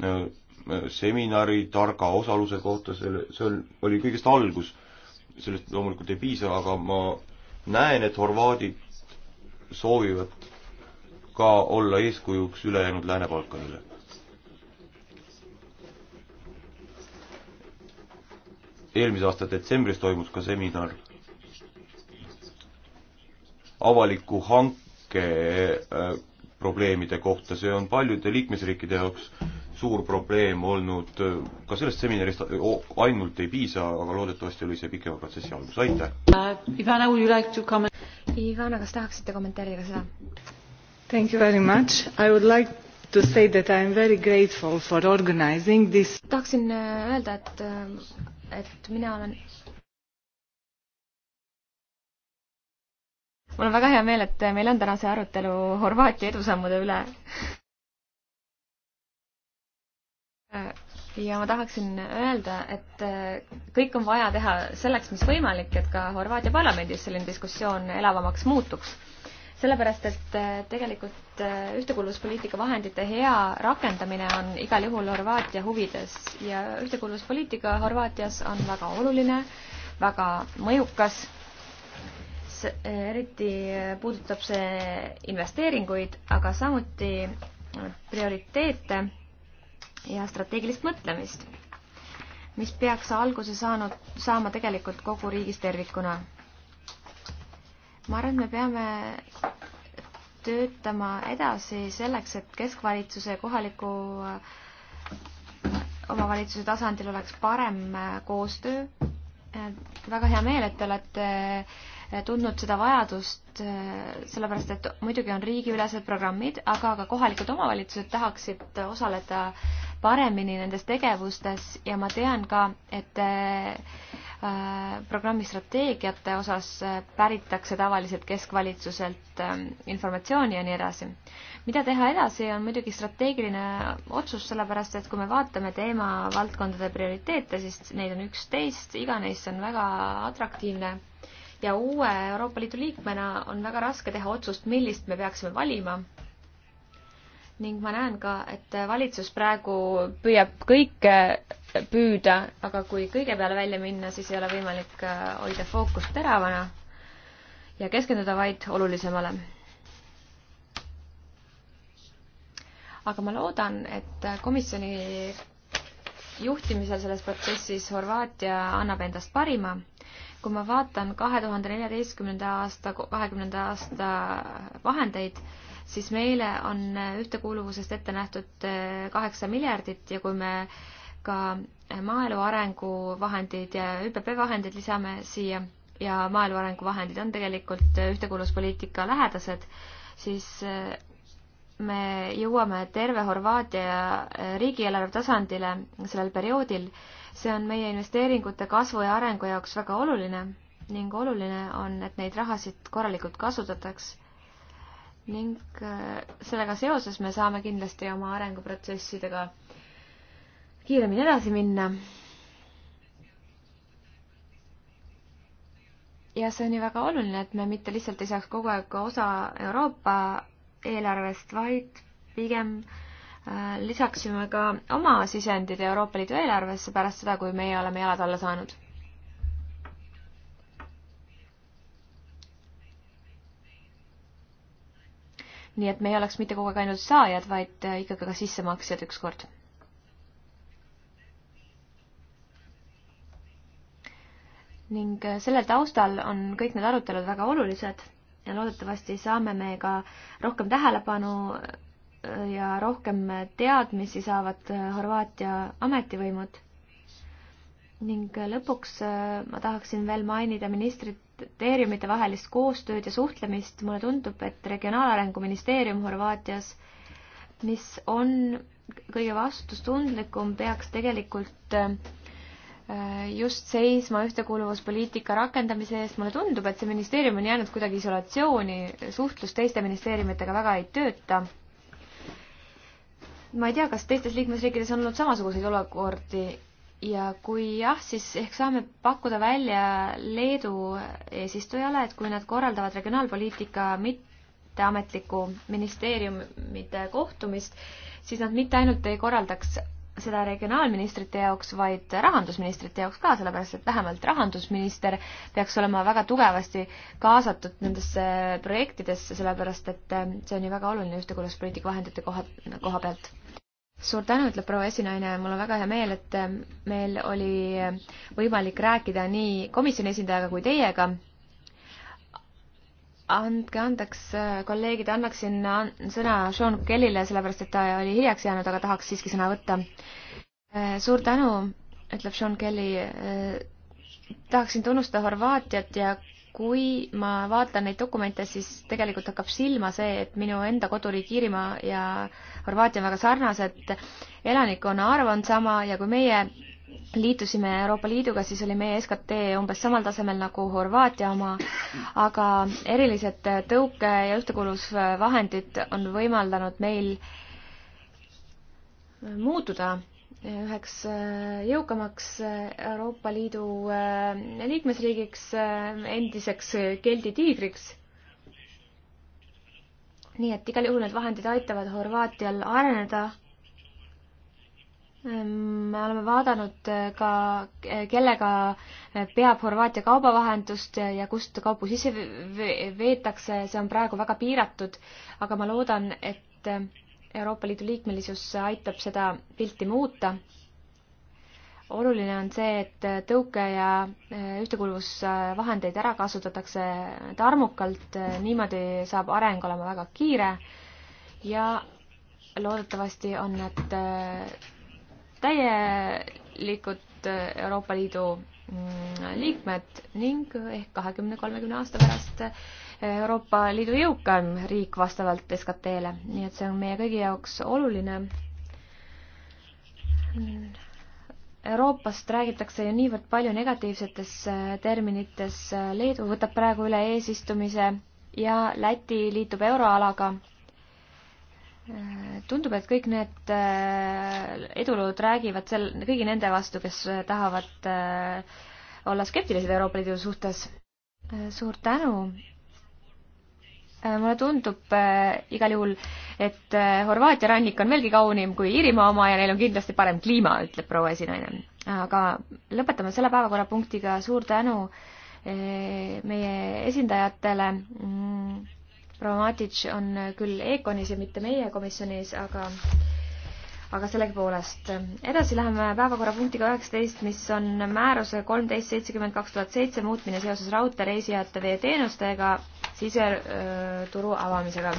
Speaker 3: äh, äh, seminari targa osaluse kohta, selle, see on, oli kõigest algus. sellest loomulikult ei piisa, aga ma näen, et horvaadid soovivad ka olla eeskujuks ülejäänud Lääne-Balkanile. eelmise aasta detsembris toimus ka seminar avaliku hanke äh, probleemide kohta, see on paljude liikmesriikide jaoks suur probleem olnud, ka sellest seminarist ainult ei piisa, aga loodetavasti oli see pikema protsessi algus, aitäh
Speaker 1: uh,! Ivana, would you like to comment? Ivana, kas tahaksite kommenteerida seda?
Speaker 3: Thank you very much, I would like to say that I am very grateful for
Speaker 2: organizing this
Speaker 1: tahaksin äh, öelda, et, äh, et mina olen mul on väga hea meel, et meil on täna see arutelu Horvaatia edusammude üle. ja ma tahaksin öelda, et äh, kõik on vaja teha selleks, mis võimalik, et ka Horvaatia parlamendis selline diskussioon elavamaks muutuks. sellepärast, et äh, tegelikult äh, ühtekuuluvuspoliitika vahendite hea rakendamine on igal juhul Horvaatia huvides ja ühtekuuluvuspoliitika Horvaatias on väga oluline, väga mõjukas osas, eh, eriti eh, puudutab see investeeringuid, aga samuti eh, prioriteete ja strateegilist mõtlemist, mis peaks alguse saanud, saama tegelikult kogu riigis tervikuna. ma arvan, et me peame töötama edasi selleks, et keskvalitsuse ja kohaliku omavalitsuse tasandil oleks parem koostöö. väga hea meel, et te olete äh, tundnud seda vajadust, eh, sellepärast et muidugi on riigiülesed programmid, aga ka kohalikud omavalitsused tahaksid osaleda paremini nendes tegevustes ja ma tean ka, et eh, programmi strateegiate osas eh, päritakse tavaliselt keskvalitsuselt informatsiooni ja nii edasi. mida teha edasi, on muidugi strateegiline otsus, sellepärast et kui me vaatame teemavaldkondade prioriteete, siis neid on üksteist, iga neist on väga atraktiivne ja uue Euroopa Liidu liikmena on väga raske teha otsust, millist me peaksime valima. ning ma näen ka, et valitsus praegu püüab kõike püüda, aga kui kõige peale välja minna, siis ei ole võimalik äh, hoida fookust teravana ja keskenduda vaid olulisemale. aga ma loodan, et komisjoni juhtimisel selles protsessis Horvaatia annab endast parima kui ma vaatan kahe tuhande neljateistkümnenda aasta, kahekümnenda aasta vahendeid, siis meile on ühtekuuluvusest ette nähtud eh, kaheksa miljardit ja kui me ka maaelu arenguvahendid ja ÜPP vahendid lisame siia ja maaelu arenguvahendid on tegelikult ühtekuuluvuspoliitika lähedased, siis eh, me jõuame terve Horvaatia eh, riigieelarve tasandile sellel perioodil see on meie investeeringute kasvu ja arengu jaoks väga oluline ning oluline on, et neid rahasid korralikult kasutataks. ning äh, sellega seoses me saame kindlasti oma arenguprotsessidega kiiremini edasi minna. ja see on ju väga oluline, et me mitte lihtsalt ei saaks kogu aeg osa Euroopa eelarvest, vaid pigem äh, Äh, lisaksime ka oma sisendid Euroopa Liidu eelarvesse pärast seda, kui meie oleme jalad alla saanud. nii et me ei oleks mitte kogu aeg ainult saajad, vaid äh, ikkagi ka sissemaksjad ükskord. ning äh, sellel taustal on kõik need arutelud väga olulised ja loodetavasti saame me ka rohkem tähelepanu ja rohkem teadmisi saavad äh, Horvaatia ametivõimud. ning äh, lõpuks äh, ma tahaksin veel mainida ministriteeriumite vahelist koostööd ja suhtlemist. mulle tundub, et Regionaalarengu ministeerium Horvaatias, mis on kõige vastutustundlikum, peaks tegelikult just seisma ühtekuuluvuspoliitika rakendamise eest. mulle tundub, et see ministeerium on jäänud kuidagi isolatsiooni, suhtlus teiste ministeeriumitega väga ei tööta ma ei tea, kas teistes liikmesriikides on olnud samasuguseid olukordi ja kui jah, siis ehk saame pakkuda välja Leedu eesistujale, et kui nad korraldavad regionaalpoliitika mitteametliku ministeeriumide kohtumist, siis nad mitte ainult ei korraldaks seda regionaalministrite jaoks, vaid rahandusministrite jaoks ka, sellepärast et vähemalt rahandusminister peaks olema väga tugevasti kaasatud nendesse projektidesse, sellepärast et eh, see on ju väga oluline ühtekuuluvuspoliitika vahendite koha, koha pealt. suur tänu, ütleb proua esinaine, mul on väga hea meel, et eh, meil oli võimalik rääkida nii komisjoni esindajaga kui teiega andke andeks, äh, kolleegid, annaksin sõna Sean Kellile, sellepärast et ta oli hiljaks jäänud, aga tahaks siiski sõna võtta. Äh, suur tänu, ütleb Sean Kelly. Äh, tahaksin tunnustada Horvaatiat ja kui ma vaatan neid dokumente, siis tegelikult hakkab silma see, et minu enda koduriik Iirimaa ja Horvaatia on väga sarnased, elanikkonna arv on sama ja kui meie liitusime Euroopa Liiduga, siis oli meie SKT umbes samal tasemel nagu Horvaatia oma, aga erilised tõuke- ja ühtekuuluvusvahendid on võimaldanud meil muutuda üheks äh, jõukamaks äh, Euroopa Liidu äh, liikmesriigiks, endiseks keldi tiigriks. nii et igal juhul need vahendid aitavad Horvaatial areneda Ehm, me oleme vaadanud eh, ka, eh, kellega peab Horvaatia kaubavahendust ja kust kaupu sisse veetakse, see on praegu väga piiratud, aga ma loodan, et eh, Euroopa Liidu liikmelisus aitab seda pilti muuta. oluline on see, et tõuke ja ühtekuuluvusvahendeid ära kasutatakse tarmukalt, niimoodi saab areng olema väga kiire ja loodetavasti on need täielikud Euroopa Liidu mm, liikmed ning ehk kahekümne, kolmekümne aasta pärast Euroopa Liidu jõukam riik vastavalt SKT-le, nii et see on meie kõigi jaoks oluline. Euroopast räägitakse ju niivõrd palju negatiivsetes äh, terminites, Leedu võtab praegu üle eesistumise ja Läti liitub euroalaga Äh, tundub, et kõik need äh, edulood räägivad sel, kõigi nende vastu, kes tahavad äh, olla skeptilised Euroopa Liidu suhtes. suur tänu. mulle tundub igal juhul, et Horvaatia rannik on veelgi kaunim kui Iirimaa oma ja neil on kindlasti parem kliima, ütleb proua esinaine. aga lõpetame selle päevakorrapunktiga, suur tänu meie esindajatele mm proua Matic on küll EKONis ja mitte meie komisjonis, aga aga sellegipoolest. edasi läheme päevakorrapunktiga üheksateist, mis on määruse kolmteist seitsekümmend kaks tuhat seitse muutmine seoses raudteereisijate veeteenustega siseturu avamisega.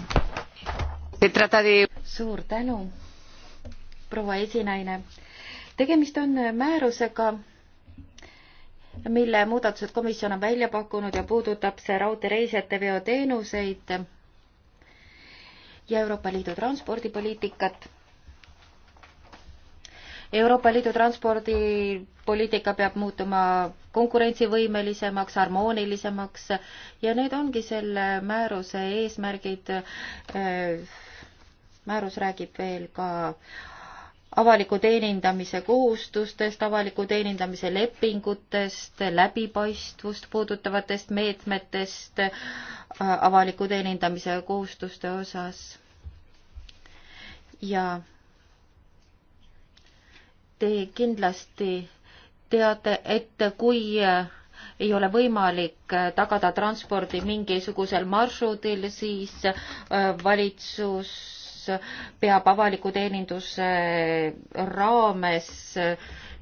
Speaker 2: suur tänu, proua esinaine. tegemist on määrusega mille muudatused komisjon on välja pakkunud ja puudutab see raudteereisijate veoteenuseid ja Euroopa Liidu transpordipoliitikat. Euroopa Liidu transpordipoliitika peab muutuma konkurentsivõimelisemaks, harmoonilisemaks ja need ongi selle määruse eesmärgid. Äh, määrus räägib veel ka avaliku teenindamise kohustustest, avaliku teenindamise lepingutest, läbipaistvust puudutavatest meetmetest äh, avaliku teenindamise kohustuste osas. ja te kindlasti teate, et kui äh, ei ole võimalik äh, tagada transpordi mingisugusel marsruudil, siis valitsus peab avaliku teeninduse raames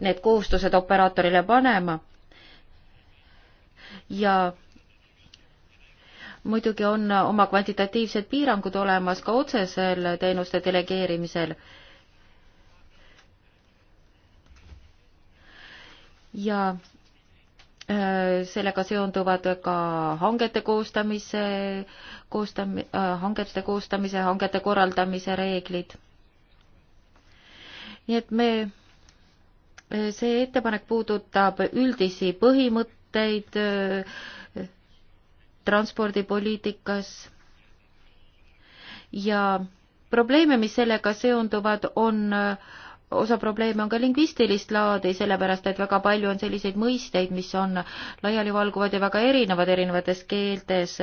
Speaker 2: need kohustused operaatorile panema. ja muidugi on oma kvantitatiivsed piirangud olemas ka otsesel teenuste delegeerimisel. ja Äh, sellega seonduvad ka hangete koostamise, koostam-, äh, hangete koostamise, hangete korraldamise reeglid. nii et me, äh, see ettepanek puudutab üldisi põhimõtteid transpordipoliitikas ja probleeme, mis sellega seonduvad, on äh, osa probleeme on ka lingvistilist laadi, sellepärast et väga palju on selliseid mõisteid, mis on laialivalguvad ja väga erinevad erinevates keeltes.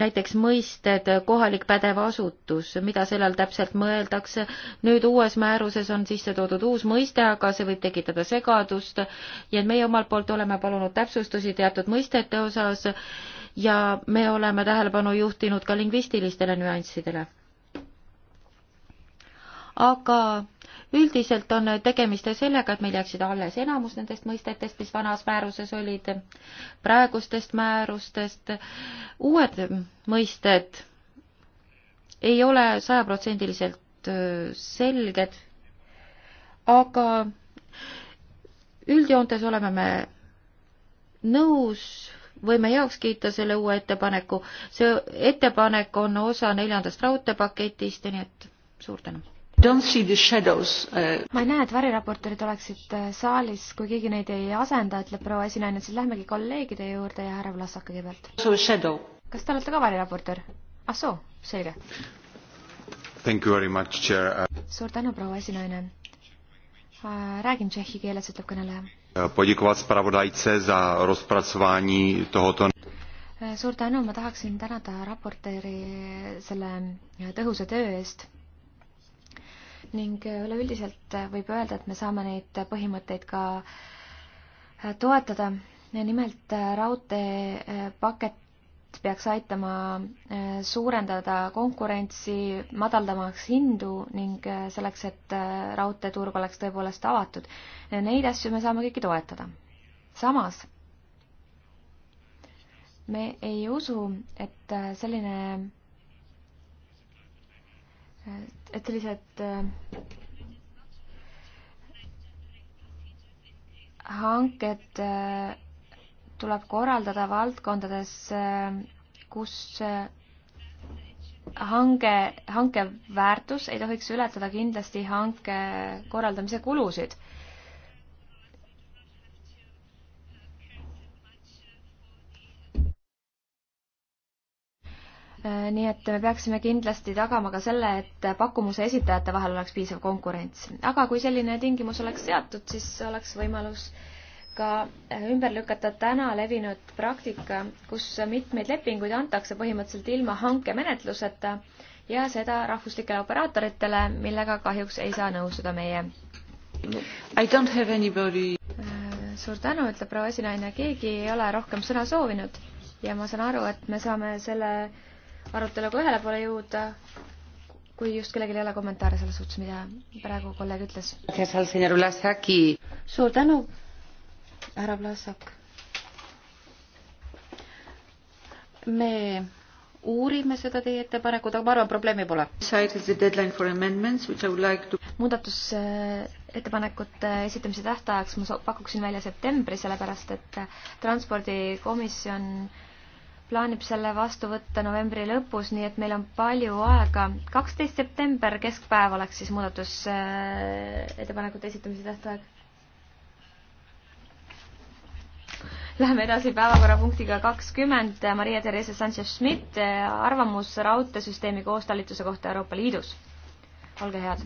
Speaker 2: näiteks mõisted kohalik pädev asutus, mida selle all täpselt mõeldakse. nüüd uues määruses on sisse toodud uus mõiste, aga see võib tekitada segadust ja meie omalt poolt oleme palunud täpsustusi teatud mõistete osas ja me oleme tähelepanu juhtinud ka lingvistilistele nüanssidele aga üldiselt on tegemist sellega, et meil jääksid alles enamus nendest mõistetest, mis vanas määruses olid, praegustest määrustest. uued mõisted ei ole sajaprotsendiliselt äh, selged, aga üldjoontes oleme me nõus võime heaks kiita selle uue ettepaneku. see ettepanek on osa neljandast raudteepaketist ja nii et suur tänu. Uh,
Speaker 1: ma ei näe, et variraportorid oleksid äh, saalis, kui keegi neid ei asenda, ütleb proua esinaine, siis lähmegi kolleegide juurde ja härra Vlasak kõigepealt. kas te olete ka variraportor? ah soo, selge.
Speaker 3: Uh,
Speaker 1: suur tänu, proua esinaine. Äh, räägin tšehhi keeles, ütleb kõneleja.
Speaker 3: Uh,
Speaker 1: äh, suur tänu, ma tahaksin tänada raportööri selle tõhusa töö eest ning üleüldiselt võib öelda, et me saame neid põhimõtteid ka äh, toetada. nimelt äh, raudteepakett peaks aitama äh, suurendada konkurentsi, madaldamaks hindu ning selleks, et raudteeturg oleks tõepoolest avatud. Neid asju me saame kõiki toetada. samas me ei usu, et selline et sellised äh, hanked äh, tuleb korraldada valdkondades, äh, kus hange, hanke väärtus ei tohiks ületada kindlasti hanke korraldamise kulusid Äh, nii et me peaksime kindlasti tagama ka selle, et pakkumuse esitajate vahel oleks piisav konkurents. aga kui selline tingimus oleks seatud, siis oleks võimalus ka äh, ümber lükata täna levinud praktika, kus mitmeid lepinguid antakse põhimõtteliselt ilma hankemenetluseta ja seda rahvuslikele operaatoritele, millega kahjuks ei saa nõustuda meie.
Speaker 2: I
Speaker 1: don't have anybody. Äh, suur tänu, ütleb proua esinaine, keegi ei ole rohkem sõna soovinud ja ma saan aru, et me saame selle aruteluga ühele poole jõuda, kui just kellelgi ei ole kommentaare selles suhtes, mida praegu kolleeg ütles.
Speaker 2: suur tänu, härra Vlasak. me uurime seda teie ettepanekut, aga ma arvan, probleemi pole.
Speaker 1: muudatusettepanekute esitamise tähtajaks ma pakuksin välja septembri, sellepärast et transpordikomisjon plaanib selle vastu võtta novembri lõpus, nii et meil on palju aega. kaksteist september keskpäev oleks siis muudatusettepanekute esitamise tähtaeg. Läheme edasi päevakorrapunktiga kakskümmend, Maria-Theresa Sanchez-Schmidt, arvamus raudteesüsteemi koostalituse kohta Euroopa Liidus. olge head.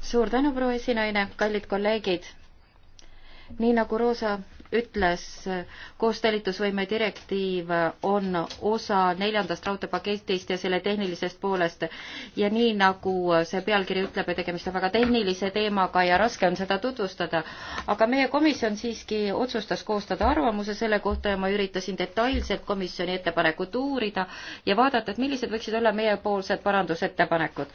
Speaker 2: suur tänu, proua esinaine, kallid kolleegid nii nagu Roosa ütles, koos talitusvõime direktiiv on osa neljandast raudteepaketist ja selle tehnilisest poolest ja nii, nagu see pealkiri ütleb, et tegemist on väga tehnilise teemaga ja raske on seda tutvustada, aga meie komisjon siiski otsustas koostada arvamuse selle kohta ja ma üritasin detailselt komisjoni ettepanekut uurida ja vaadata, et millised võiksid olla meiepoolsed parandusettepanekud.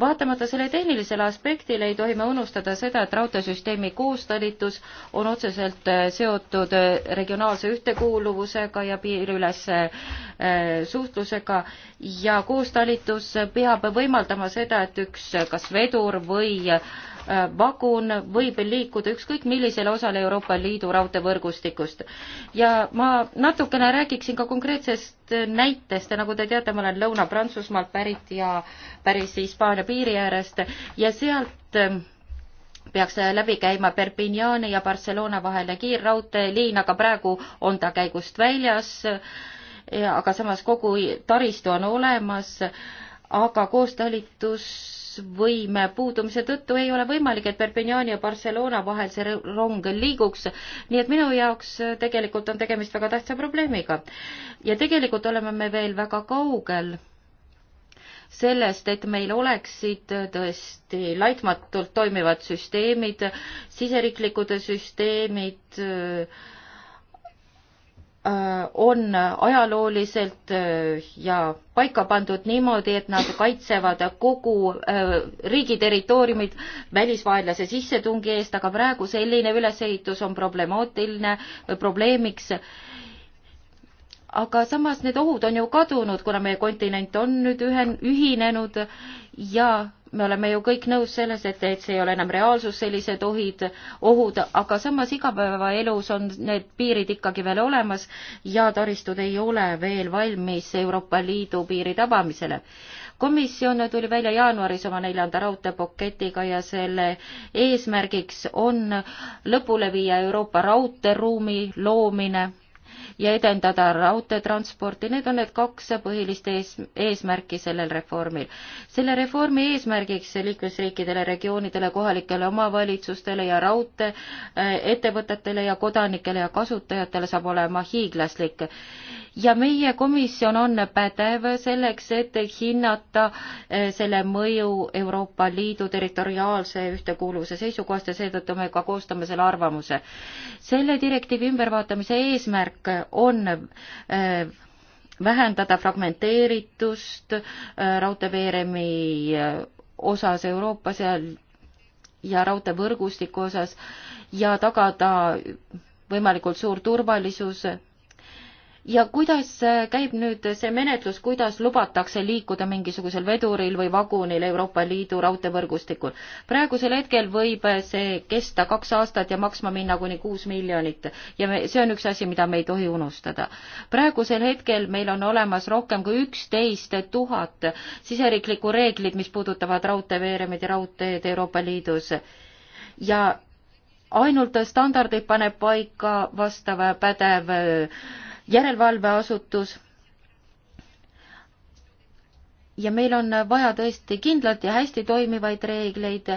Speaker 2: vaatamata selle tehnilisele aspektile ei tohi me unustada seda, et raudteesüsteemi koostalitus on otseselt seotud seotud äh, regionaalse ühtekuuluvusega ja piiriülese äh, suhtlusega ja koostalitus peab võimaldama seda, et üks kas vedur või äh, vagun võib liikuda ükskõik millisele osale Euroopa Liidu raudteevõrgustikust. ja ma natukene räägiksin ka konkreetsest näitest ja nagu te teate, ma olen Lõuna-Prantsusmaalt pärit ja päris Hispaania piiri äärest ja sealt peaks läbi käima Perpignani ja Barcelona vahele kiirraudteeliin, aga praegu on ta käigust väljas. aga samas kogu taristu on olemas, aga koostalitusvõime puudumise tõttu ei ole võimalik, et Perpignani ja Barcelona vahel see rong liiguks. nii et minu jaoks tegelikult on tegemist väga tähtsa probleemiga. ja tegelikult oleme me veel väga kaugel sellest, et meil oleksid tõesti laitmatult toimivad süsteemid, siseriiklikud süsteemid äh, on ajalooliselt äh, ja paika pandud niimoodi, et nad kaitsevad kogu äh, riigi territooriumit välisvaenlase sissetungi eest, aga praegu selline ülesehitus on problemaatiline, probleemiks aga samas need ohud on ju kadunud, kuna meie kontinent on nüüd ühen-, ühinenud ja me oleme ju kõik nõus selles, et, et see ei ole enam reaalsus, sellised ohid, ohud, aga samas igapäevaelus on need piirid ikkagi veel olemas ja taristud ei ole veel valmis Euroopa Liidu piiride avamisele. komisjon tuli välja jaanuaris oma neljanda raudteepaketiga ja selle eesmärgiks on lõpule viia Euroopa raudteeruumi loomine ja edendada raudteetransporti, need on need kaks põhilist ees, eesmärki sellel reformil. selle reformi eesmärgiks liikmesriikidele, regioonidele, kohalikele omavalitsustele ja raudteeettevõtetele äh, ja kodanikele ja kasutajatele saab olema hiiglaslik ja meie komisjon on pädev selleks, et hinnata eh, selle mõju Euroopa Liidu territoriaalse ühtekuuluvuse seisukohast ja seetõttu me ka koostame selle arvamuse. selle direktiivi ümbervaatamise eesmärk on eh, vähendada fragmenteeritust eh, raudteeveeremi osas Euroopas ja, ja raudteevõrgustiku osas ja tagada võimalikult suur turvalisus ja kuidas äh, käib nüüd see menetlus, kuidas lubatakse liikuda mingisugusel veduril või vagunil Euroopa Liidu raudteevõrgustikul? praegusel hetkel võib äh, see kesta kaks aastat ja maksma minna kuni kuus miljonit ja me, see on üks asi, mida me ei tohi unustada. praegusel hetkel meil on olemas rohkem kui üksteist tuhat siseriiklikku reeglit, mis puudutavad raudteeveeremeid ja raudteed Euroopa Liidus ja ainult standardid paneb paika vastav pädev äh, järelevalveasutus ja meil on vaja tõesti kindlalt ja hästi toimivaid reegleid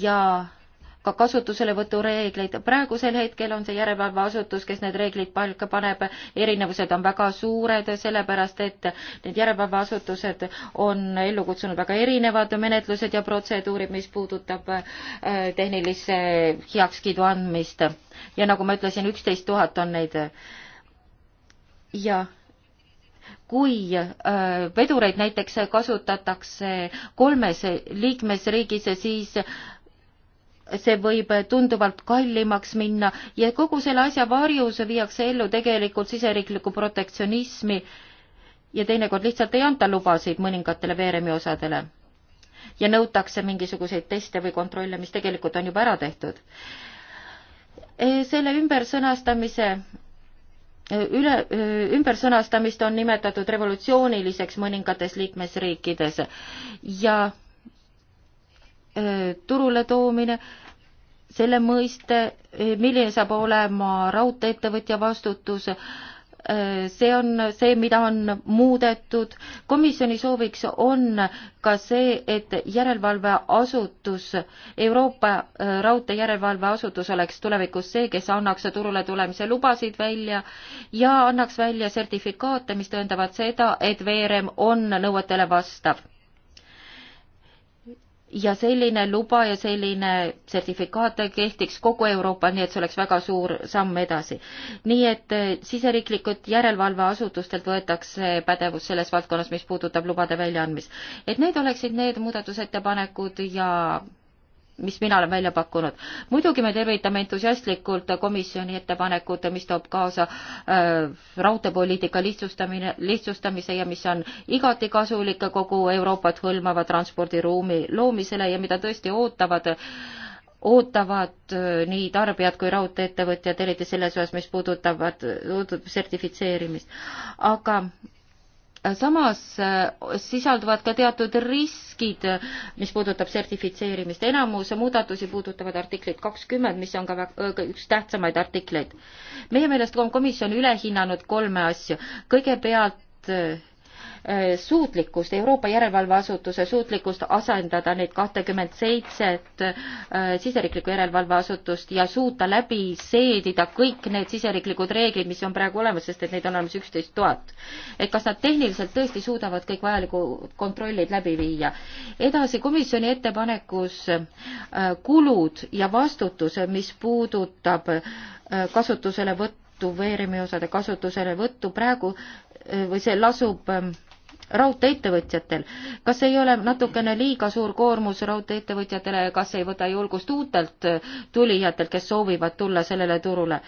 Speaker 2: ja ka kasutuselevõtureegleid. praegusel hetkel on see järelevalveasutus, kes need reeglid paika paneb, erinevused on väga suured, sellepärast et need järelevalveasutused on ellu kutsunud väga erinevad menetlused ja protseduurid, mis puudutab äh, tehnilise heakskiidu andmist. ja nagu ma ütlesin, üksteist tuhat on neid äh, ja kui äh, vedureid näiteks kasutatakse kolmes liikmesriigis, siis see võib tunduvalt kallimaks minna ja kogu selle asja varjus viiakse ellu tegelikult siseriiklikku protektsionismi ja teinekord lihtsalt ei anta lubasid mõningatele veeremi osadele. ja nõutakse mingisuguseid teste või kontrolle, mis tegelikult on juba ära tehtud. Äh, selle ümbersõnastamise üle, ümbersõnastamist on nimetatud revolutsiooniliseks mõningates liikmesriikides ja turule toomine, selle mõiste, milline saab olema raudtee-ettevõtja vastutus, Äh, see on see, mida on muudetud. komisjoni sooviks on ka see, et järelevalveasutus, Euroopa äh, raudteejärelevalveasutus oleks tulevikus see, kes annaks turule tulemise lubasid välja ja annaks välja sertifikaate, mis tõendavad seda, et veerem on nõuetele vastav ja selline luba ja selline sertifikaat kehtiks kogu Euroopas, nii et see oleks väga suur samm edasi. nii et eh, siseriiklikult järelevalveasutustelt võetakse pädevus selles valdkonnas, mis puudutab lubade väljaandmist. et need oleksid need muudatusettepanekud ja mis mina olen välja pakkunud. muidugi me tervitame entusiastlikult komisjoni ettepanekut, mis toob kaasa äh, raudteepoliitika lihtsustamine, lihtsustamise ja mis on igati kasulik kogu Euroopat hõlmava transpordiruumi loomisele ja mida tõesti ootavad ootavad äh, nii tarbijad kui raudtee-ettevõtjad, eriti selles osas, mis puudutavad, puudutab sertifitseerimist. aga samas äh, sisalduvad ka teatud riskid, mis puudutab sertifitseerimist. enamuse muudatusi puudutavad artiklit kakskümmend, mis on ka väga, üks tähtsamaid artikleid. meie meelest on komisjon üle hinnanud kolme asja. kõigepealt äh, Äh, suutlikkust, Euroopa järelevalveasutuse suutlikkust asendada neid kahtekümmet seitset äh, siseriiklikku järelevalveasutust ja suuta läbi seedida kõik need siseriiklikud reeglid, mis on praegu olemas, sest et neid on olemas üksteist tuhat. et kas nad tehniliselt tõesti suudavad kõik vajalikud kontrollid läbi viia. edasi komisjoni ettepanekus äh, kulud ja vastutus, mis puudutab kasutuselevõttu, veeremiosade kasutuselevõttu, praegu või see lasub ähm, raudteeettevõtjatel. kas ei ole natukene liiga suur koormus raudteeettevõtjatele ja kas ei võta julgust uutelt äh, tulijatelt, kes soovivad tulla sellele turule?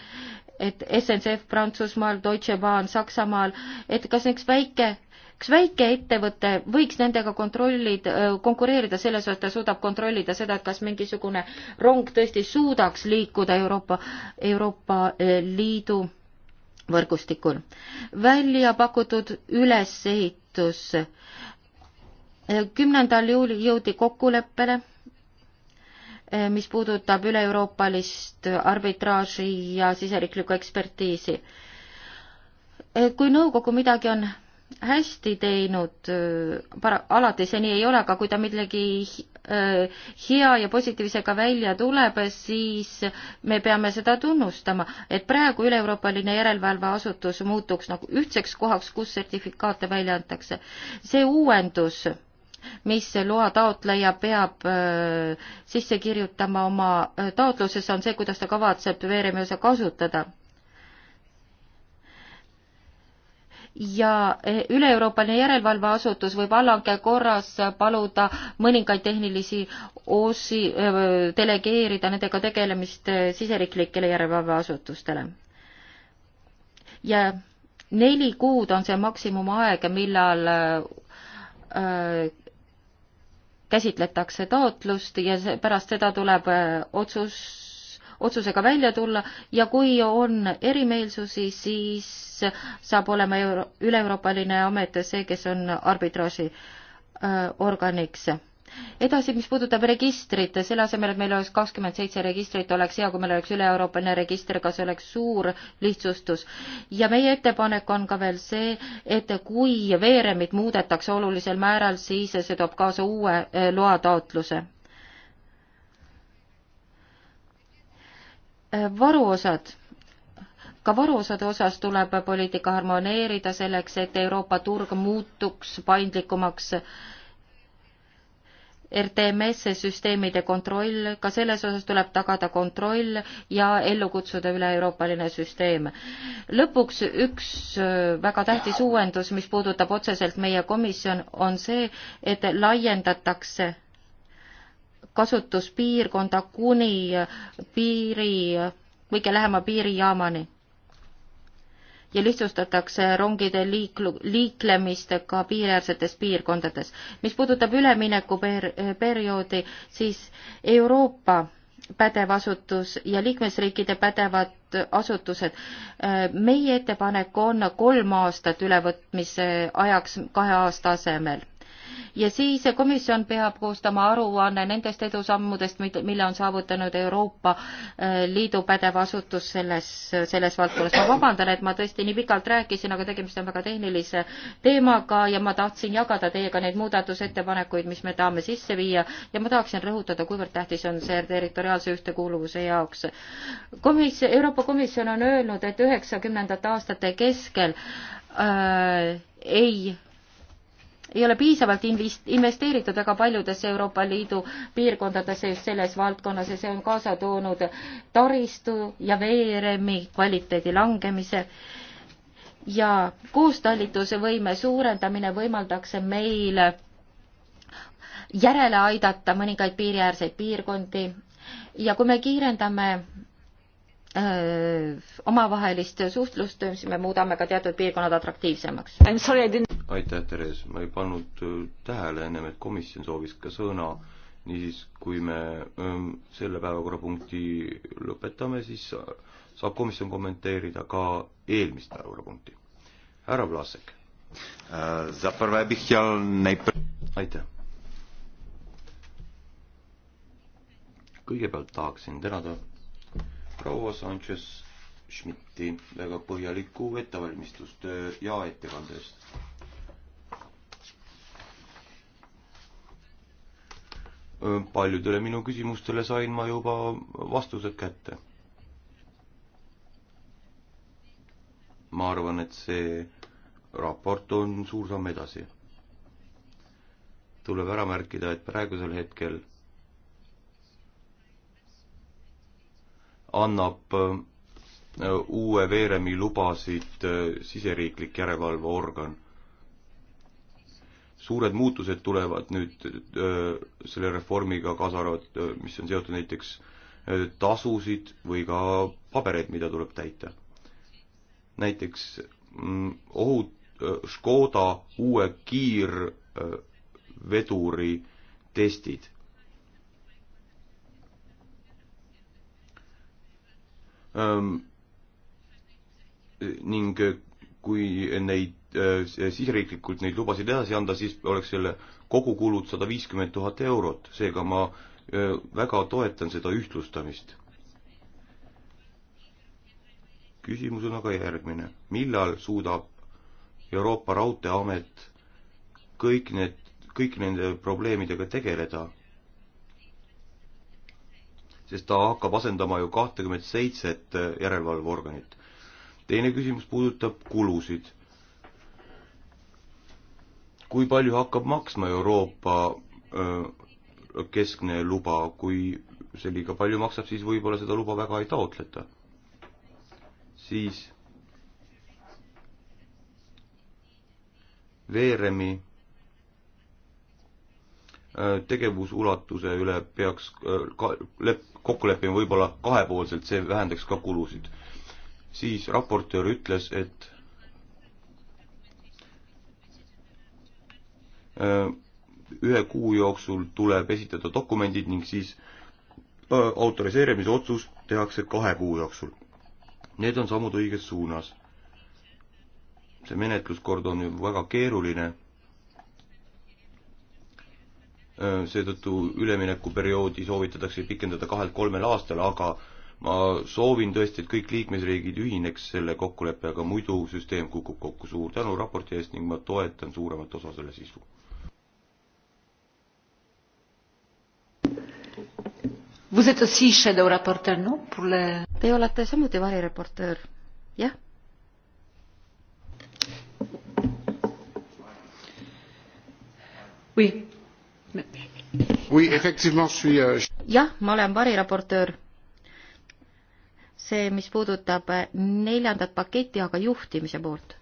Speaker 2: et SNCF Prantsusmaal, Deutsche Bahn Saksamaal, et kas üks väike kas väikeettevõte võiks nendega kontrollida, äh, konkureerida selles osas, ta suudab kontrollida seda, et kas mingisugune rong tõesti suudaks liikuda Euroopa, Euroopa äh, Liidu võrgustikul. välja pakutud ülesehitus. kümnendal juulil jõudi kokkuleppele, eh, mis puudutab üle-euroopalist arbitraaži ja siseriiklikku ekspertiisi. Eh, kui nõukogu midagi on hästi teinud, para-, alati see nii ei ole, aga kui ta millegi hea ja positiivsega välja tuleb, siis me peame seda tunnustama, et praegu üle-Euroopaline järelevalveasutus muutuks nagu ühtseks kohaks, kus sertifikaate välja antakse. see uuendus, mis loa taotleja peab sisse kirjutama oma taotluses, on see, kuidas ta kavatseb veeremeosa kasutada ja eh, üle-Euroopaline järelevalveasutus võib allhanke korras paluda mõningaid tehnilisi osi eh, delegeerida nendega tegelemist eh, siseriiklikele järelevalveasutustele. ja neli kuud on see maksimumaeg, millal äh, käsitletakse taotlust ja pärast seda tuleb otsus otsusega välja tulla ja kui on erimeelsusi, siis saab olema euro, üle-euroopaline amet see, kes on arbitraaži äh, organiks edasi, mis puudutab registrit, selle asemel, et meil oleks kakskümmend seitse registrit, oleks hea, kui meil oleks üle-euroopaline register, kas see oleks suur lihtsustus. ja meie ettepanek on ka veel see, et kui veeremit muudetakse olulisel määral, siis see toob kaasa uue äh, loataotluse Äh, varuosad ka varuosade osas tuleb poliitika harmoneerida selleks, et Euroopa turg muutuks paindlikumaks. RTMS-e süsteemide kontroll, ka selles osas tuleb tagada kontroll ja ellu kutsuda üle-euroopaline süsteem. lõpuks üks äh, väga tähtis uuendus, mis puudutab otseselt meie komisjon, on see, et laiendatakse kasutuspiirkonda kuni piiri, kõige lähema piirijaamani. ja lihtsustatakse rongide liiklu-, liiklemist ka piiriäärsetes piirkondades. mis puudutab üleminekuper-, perioodi, siis Euroopa pädev asutus ja liikmesriikide pädevad asutused. meie ettepanek on kolm aastat ülevõtmise ajaks kahe aasta asemel ja siis komisjon peab koostama aruanne nendest edusammudest, mille on saavutanud Euroopa äh, Liidu pädev asutus selles, selles valdkonnas. ma vabandan, et ma tõesti nii pikalt rääkisin, aga tegemist on väga tehnilise teemaga ja ma tahtsin jagada teiega neid muudatusettepanekuid, mis me tahame sisse viia ja ma tahaksin rõhutada, kuivõrd tähtis on see territoriaalse ühtekuuluvuse jaoks. komis-, Euroopa Komisjon on öelnud, et üheksakümnendate aastate keskel äh, ei ei ole piisavalt investeeritud väga paljudesse Euroopa Liidu piirkondadesse just selles valdkonnas ja see on kaasa toonud taristu ja veeremi kvaliteedi langemise ja koostalituse võime suurendamine võimaldaks meil järele aidata mõningaid piiriäärseid piirkondi ja kui me kiirendame Äh, omavahelist suhtlust, siis me muudame ka teatud piirkonnad atraktiivsemaks.
Speaker 3: aitäh, Teres, ma ei pannud äh, tähele ennem, et komisjon soovis ka sõna. niisiis, kui me ähm, selle päevakorrapunkti lõpetame, siis saab komisjon kommenteerida ka eelmist päevakorrapunkti. härra Vlasek. Äh, aitäh. kõigepealt tahaksin tänada proua Sanchez Schmidti väga põhjaliku ettevalmistustöö ja ettekande eest. paljudele minu küsimustele sain ma juba vastused kätte. ma arvan, et see raport on suur samm edasi. tuleb ära märkida, et praegusel hetkel annab äh, uue veeremi lubasid äh, siseriiklik järelevalveorgan. suured muutused tulevad nüüd äh, selle reformiga, kaasa arvatud, mis on seotud näiteks tasusid või ka pabereid, mida tuleb täita. näiteks mm, ohut-, Škoda uue kiirveduri testid Ähm, ning kui neid, äh, siseriiklikult neid lubasid edasi anda, siis oleks selle kogukulud sada viiskümmend tuhat eurot, seega ma äh, väga toetan seda ühtlustamist. küsimus on aga järgmine, millal suudab Euroopa Raudteeamet kõik need, kõik nende probleemidega tegeleda, sest ta hakkab asendama ju kahtekümmet seitset järelevalveorganit. teine küsimus puudutab kulusid. kui palju hakkab maksma Euroopa keskne luba, kui see liiga palju maksab, siis võib-olla seda luba väga ei taotleta. siis veeremi tegevusulatuse üle peaks ka, lep, kokku leppima võib-olla kahepoolselt, see vähendaks ka kulusid. siis raportöör ütles, et äh, ühe kuu jooksul tuleb esitada dokumendid ning siis äh, autoriseerimise otsus tehakse kahe kuu jooksul. Need on sammud õiges suunas. see menetluskord on ju väga keeruline Äh, seetõttu üleminekuperioodi soovitatakse pikendada kahelt kolmele aastale, aga ma soovin tõesti, et kõik liikmesriigid ühineks selle kokkuleppega, muidu süsteem kukub kokku. suur tänu raporti eest ning ma toetan suuremat osa selle sisu.
Speaker 2: Te olete samuti varireportöör, jah? Oui Euh, jah, ma olen variraportöör. see, mis puudutab äh, neljandat paketti, aga juhtimise poolt.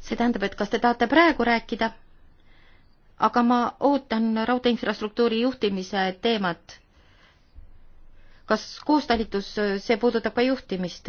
Speaker 2: see tähendab, et kas te tahate praegu rääkida? aga ma ootan raudteeinfrastruktuuri juhtimise teemat. kas koostalitus, äh, see puudutab ka juhtimist?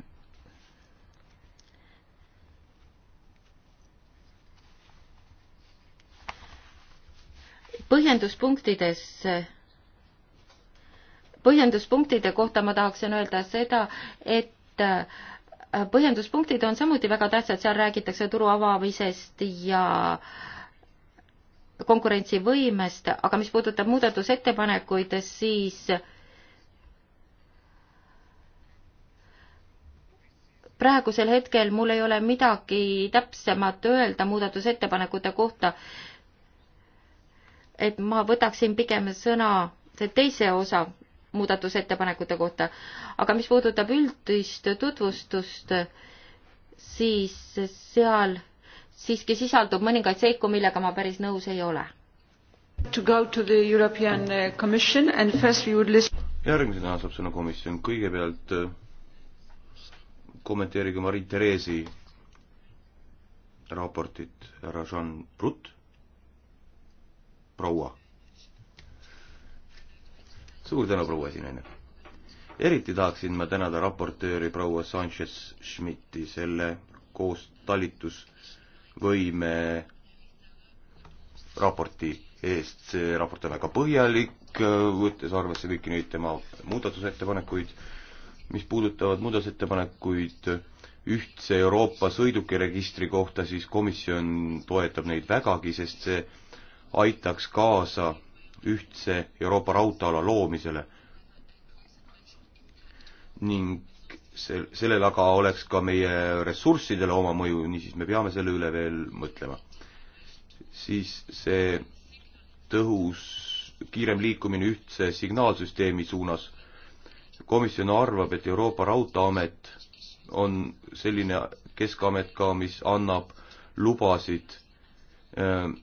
Speaker 2: põhjenduspunktides põhjenduspunktide kohta ma tahaksin öelda seda, et äh, põhjenduspunktid on samuti väga tähtsad, seal räägitakse turu avamisest ja konkurentsivõimest, aga mis puudutab muudatusettepanekuid, siis praegusel hetkel mul ei ole midagi täpsemat öelda muudatusettepanekute kohta, et ma võtaksin pigem sõna teise osa muudatusettepanekute kohta, aga mis puudutab üldist tutvustust, siis seal siiski sisaldub mõningaid seiku, millega ma päris nõus ei ole. Eh,
Speaker 3: järgmisena saab sõna komisjon, kõigepealt eh, kommenteerige Marie-Thereesi raportit, härra Jean Brut proua. suur tänu, proua esinaine. eriti tahaksin ma tänada raportööri proua Sanchez-Schmidti selle koos talitusvõime raporti eest, see raport on väga põhjalik, võttes arvesse kõiki neid tema muudatusettepanekuid, mis puudutavad muudatusettepanekuid ühtse Euroopa sõidukiregistri kohta, siis komisjon toetab neid vägagi, sest see aitaks kaasa ühtse Euroopa raudteeala loomisele ning sel-, sellel aga oleks ka meie ressurssidele oma mõju, niisiis me peame selle üle veel mõtlema. siis see tõhus, kiirem liikumine ühtse signaalsüsteemi suunas. komisjon arvab, et Euroopa Raudteeamet on selline keskamet ka, mis annab lubasid öö, ähm,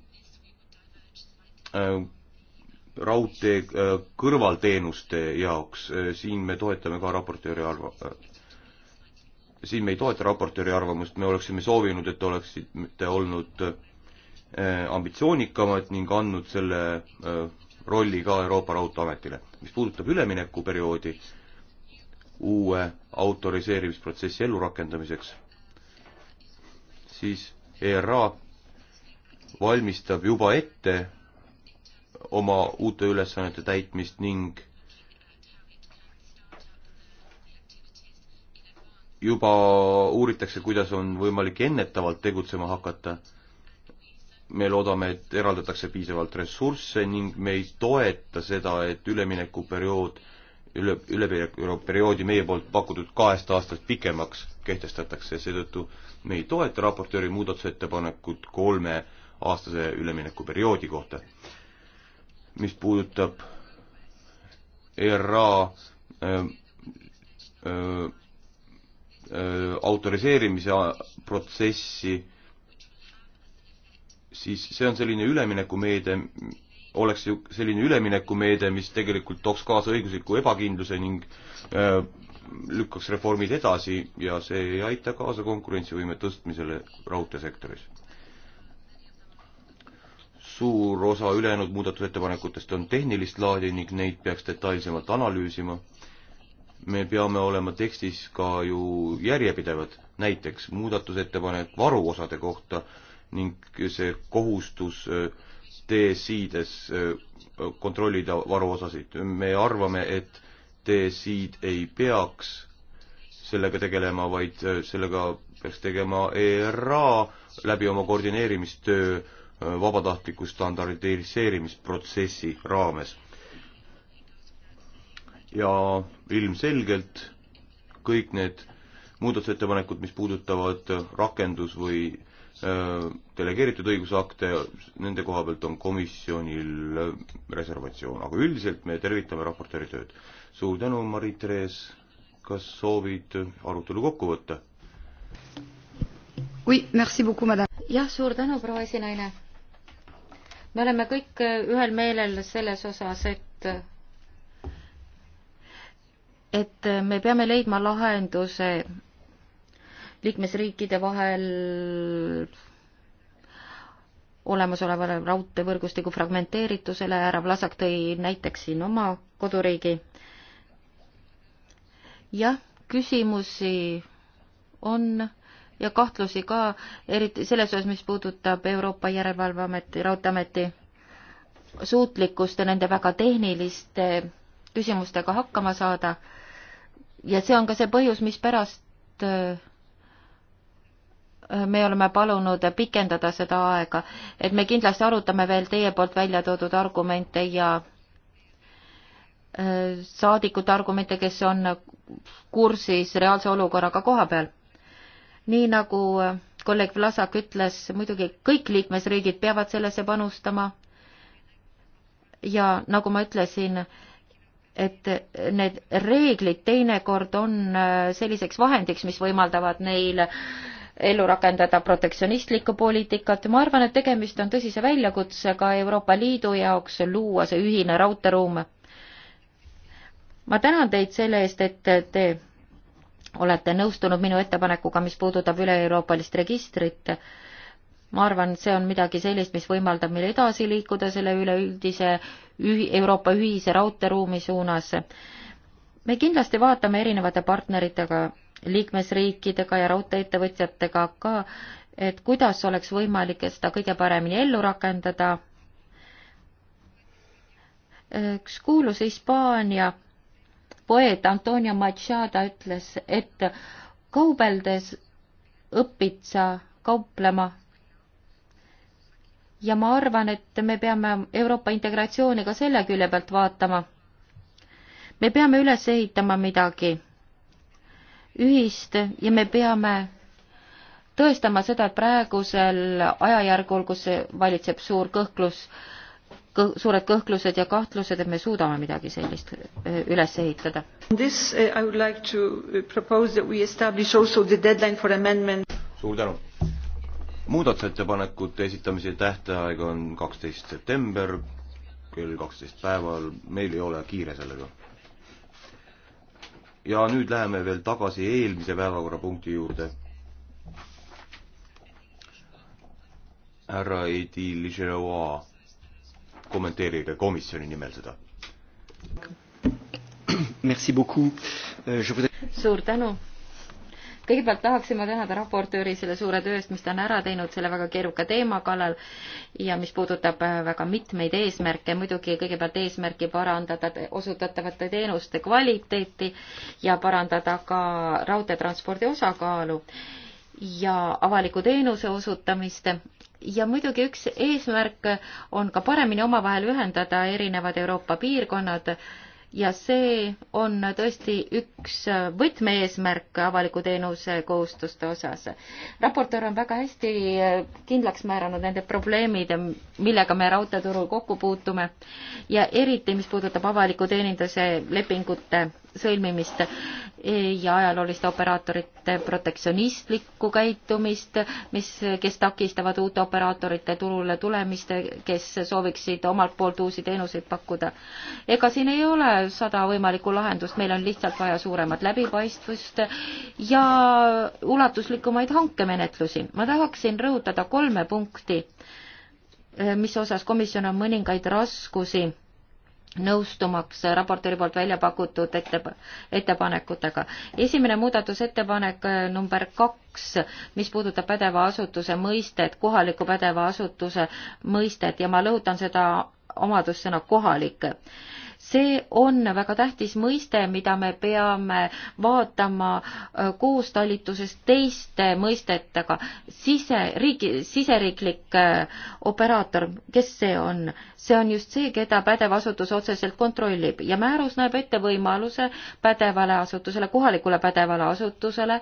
Speaker 3: Äh, raudtee äh, kõrvalteenuste jaoks, äh, siin me toetame ka raportööri arv-, siin me ei toeta raportööri arvamust, me oleksime soovinud, et oleksite olnud ambitsioonikamad ning andnud selle rolli ka Euroopa Raudteeametile. mis puudutab üleminekuperioodi uue autoriseerimisprotsessi ellurakendamiseks, siis ERA valmistab juba ette oma uute ülesannete täitmist ning juba uuritakse, kuidas on võimalik ennetavalt tegutsema hakata. me loodame, et eraldatakse piisavalt ressursse ning me ei toeta seda, et üleminekuperiood üle, üleperioodi meie poolt pakutud kahest aastast pikemaks kehtestatakse, seetõttu me ei toeta raportööri muudatusettepanekut kolmeaastase üleminekuperioodi kohta mis puudutab ERA äh, äh, äh, autoriseerimise protsessi, siis see on selline üleminekumeede, oleks ju selline üleminekumeede, mis tegelikult tooks kaasa õigusliku ebakindluse ning äh, lükkaks reformid edasi ja see ei aita kaasa konkurentsivõime tõstmisele raudteesektoris suur osa ülejäänud muudatusettepanekutest on tehnilist laadi ning neid peaks detailsemalt analüüsima. me peame olema tekstis ka ju järjepidevad, näiteks muudatusettepanek varuosade kohta ning see kohustus DSI-des äh, äh, kontrollida varuosasid. me arvame, et DSI-d ei peaks sellega tegelema, vaid äh, sellega peaks tegema ERA läbi oma koordineerimistöö Äh, vabatahtliku standardiseerimisprotsessi raames. ja ilmselgelt kõik need muudatusettepanekud, mis puudutavad rakendus- või äh, delegeeritud õigusakte, nende koha pealt on komisjonil äh, reservatsioon, aga üldiselt me tervitame raportööri tööd. suur tänu, Marit-Rees, kas soovid arutelu kokku võtta?
Speaker 2: jah, suur tänu, proua esinaine me oleme kõik äh, ühel meelel selles osas, et et äh, me peame leidma lahenduse liikmesriikide vahel olemasolevale raudteevõrgustiku fragmenteeritusele, härra Vlasak tõi näiteks siin oma koduriigi. jah, küsimusi on ja kahtlusi ka, eriti selles osas, mis puudutab Euroopa Järelevalveameti, Raudteeameti suutlikkust ja nende väga tehniliste küsimustega hakkama saada. ja see on ka see põhjus, mispärast äh, me oleme palunud pikendada seda aega, et me kindlasti arutame veel teie poolt välja toodud argumente ja äh, saadikute argumente, kes on kursis reaalse olukorraga koha peal nii nagu äh, kolleeg Vlasak ütles, muidugi kõik liikmesriigid peavad sellesse panustama ja nagu ma ütlesin, et need reeglid teinekord on äh, selliseks vahendiks, mis võimaldavad neil äh, ellu rakendada protektsionistlikku poliitikat. ma arvan, et tegemist on tõsise väljakutsega Euroopa Liidu jaoks luua see ühine raudteeruum. ma tänan teid selle eest, et te olete nõustunud minu ettepanekuga, mis puudutab üle-euroopalist registrit. ma arvan, et see on midagi sellist, mis võimaldab meil edasi liikuda selle üleüldise ühi, Euroopa ühise raudteeruumi suunas. me kindlasti vaatame erinevate partneritega, liikmesriikidega ja raudteeettevõtjatega ka, et kuidas oleks võimalik seda kõige paremini ellu rakendada. üks kuulus Hispaania poeet Antonio Machado ütles, et kaubeldes õpid sa kauplema. ja ma arvan, et me peame Euroopa integratsiooni ka selle külje pealt vaatama. me peame üles ehitama midagi ühist ja me peame tõestama seda, et praegusel ajajärgul, kus valitseb suur kõhklus äh, kõh, suured kõhklused ja kahtlused, et me suudame midagi sellist äh, üles ehitada. Uh, like uh,
Speaker 3: suur tänu. muudatusettepanekute esitamise tähtaeg on kaksteist september kell kaksteist päeval, meil ei ole kiire sellega. ja nüüd läheme veel tagasi eelmise päevakorrapunkti juurde härra Edi Ligeroa kommenteerige komisjoni nimel seda.
Speaker 2: Euh, suur tänu. kõigepealt tahaksin ma tänada raportööri selle suure töö eest, mis ta on ära teinud selle väga keeruka teema kallal ja mis puudutab äh, väga mitmeid eesmärke, muidugi kõigepealt eesmärki parandada osutatavate teenuste kvaliteeti ja parandada ka raudteetranspordi osakaalu ja avaliku teenuse osutamist ja muidugi üks eesmärk on ka paremini omavahel ühendada erinevad Euroopa piirkonnad ja see on tõesti üks võtmeeesmärk avaliku teenuse kohustuste osas. raportöör on väga hästi kindlaks määranud nende probleemid, millega me raudteeturul kokku puutume ja eriti, mis puudutab avaliku teeninduse lepingute sõlmimist e, ja ajalooliste operaatorite protektsionistlikku käitumist, mis, kes takistavad uute operaatorite turule tulemist, kes sooviksid omalt poolt uusi teenuseid pakkuda. ega siin ei ole sada võimalikku lahendust, meil on lihtsalt vaja suuremat läbipaistvust ja ulatuslikumaid hankemenetlusi. ma tahaksin rõhutada kolme punkti, e, mis osas komisjon on mõningaid raskusi nõustumaks raportööri poolt välja pakutud ette, ettepanekutega. esimene muudatusettepanek äh, number kaks, mis puudutab pädeva asutuse mõistet, kohaliku pädeva asutuse mõistet ja ma lõhutan seda omadussõna kohalik see on väga tähtis mõiste, mida me peame vaatama äh, koostalitusest teiste mõistetega. sise, riigi, siseriiklik äh, operaator, kes see on? see on just see, keda pädev asutus otseselt kontrollib ja määrus näeb ette võimaluse pädevale asutusele, kohalikule pädevale asutusele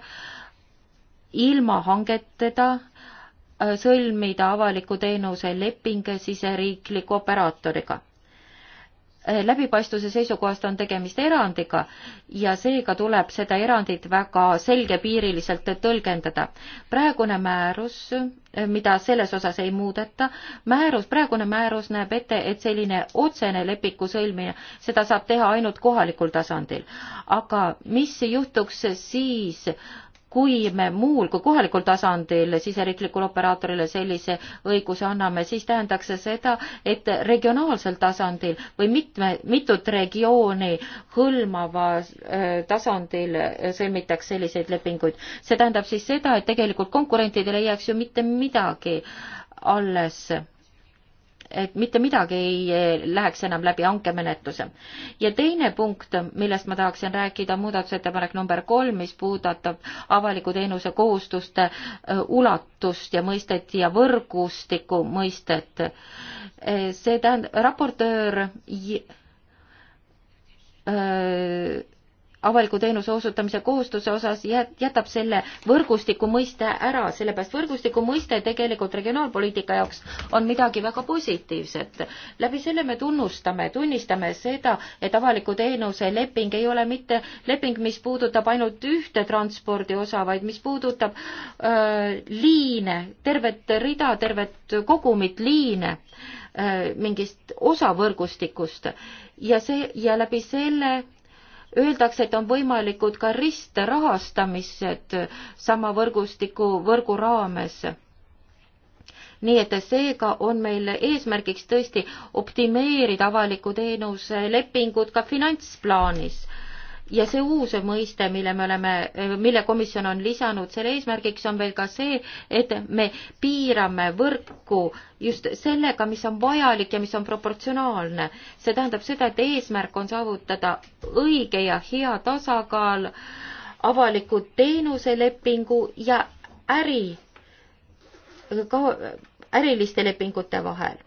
Speaker 2: ilma hangeteta äh, sõlmida avaliku teenuse leping siseriikliku operaatoriga. Äh, läbipaistvuse seisukohast on tegemist erandiga ja seega tuleb seda erandit väga selgepiiriliselt tõlgendada. praegune määrus, äh, mida selles osas ei muudeta, määrus, praegune määrus näeb ette, et selline otsene lepiku sõlmine, seda saab teha ainult kohalikul tasandil. aga mis juhtuks siis, kui me muul kui kohalikul tasandil siseriiklikule operaatorile sellise õiguse anname, siis tähendaks see seda, et regionaalsel tasandil või mitme, mitut regiooni hõlmava äh, tasandil äh, sõlmitaks selliseid lepinguid. see tähendab siis seda, et tegelikult konkurentidel ei jääks ju mitte midagi alles et mitte midagi ei eh, läheks enam läbi hankemenetluse. ja teine punkt, millest ma tahaksin rääkida, muudatusettepanek number kolm, mis puudutab avaliku teenuse kohustuste eh, ulatust ja mõistet ja võrgustiku mõistet. Eh, see tähendab, raportöör öö, avaliku teenuse osutamise kohustuse osas jätab selle võrgustiku mõiste ära, sellepärast võrgustiku mõiste tegelikult regionaalpoliitika jaoks on midagi väga positiivset. läbi selle me tunnustame, tunnistame seda, et avaliku teenuse leping ei ole mitte leping, mis puudutab ainult ühte transpordi osa, vaid mis puudutab öö, äh, liine, tervet rida, tervet kogumit liine öö, äh, mingist osavõrgustikust ja see ja läbi selle Öeldakse, et on võimalikud ka ristrahastamised sama võrgustiku võrgu raames nii et seega on meil eesmärgiks tõesti optimeerida avaliku teenuse lepingud ka finantsplaanis ja see uus mõiste, mille me oleme, mille komisjon on lisanud, selle eesmärgiks on veel ka see, et me piirame võrku just sellega, mis on vajalik ja mis on proportsionaalne. see tähendab seda, et eesmärk on saavutada õige ja hea tasakaal avaliku teenuselepingu ja äri, ka äriliste lepingute vahel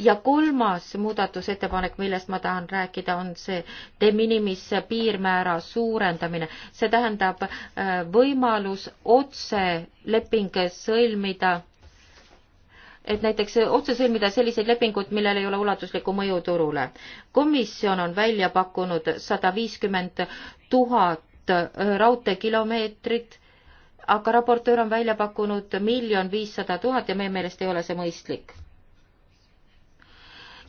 Speaker 2: ja kolmas muudatusettepanek, millest ma tahan rääkida, on see de minimis piirmäära suurendamine. see tähendab äh, võimalus otse leping sõlmida et näiteks otse sõlmida selliseid lepinguid, millel ei ole ulatuslikku mõju turule. komisjon on välja pakkunud sada viiskümmend tuhat äh, raudteekilomeetrit, aga raportöör on välja pakkunud miljon viissada tuhat ja meie meelest ei ole see mõistlik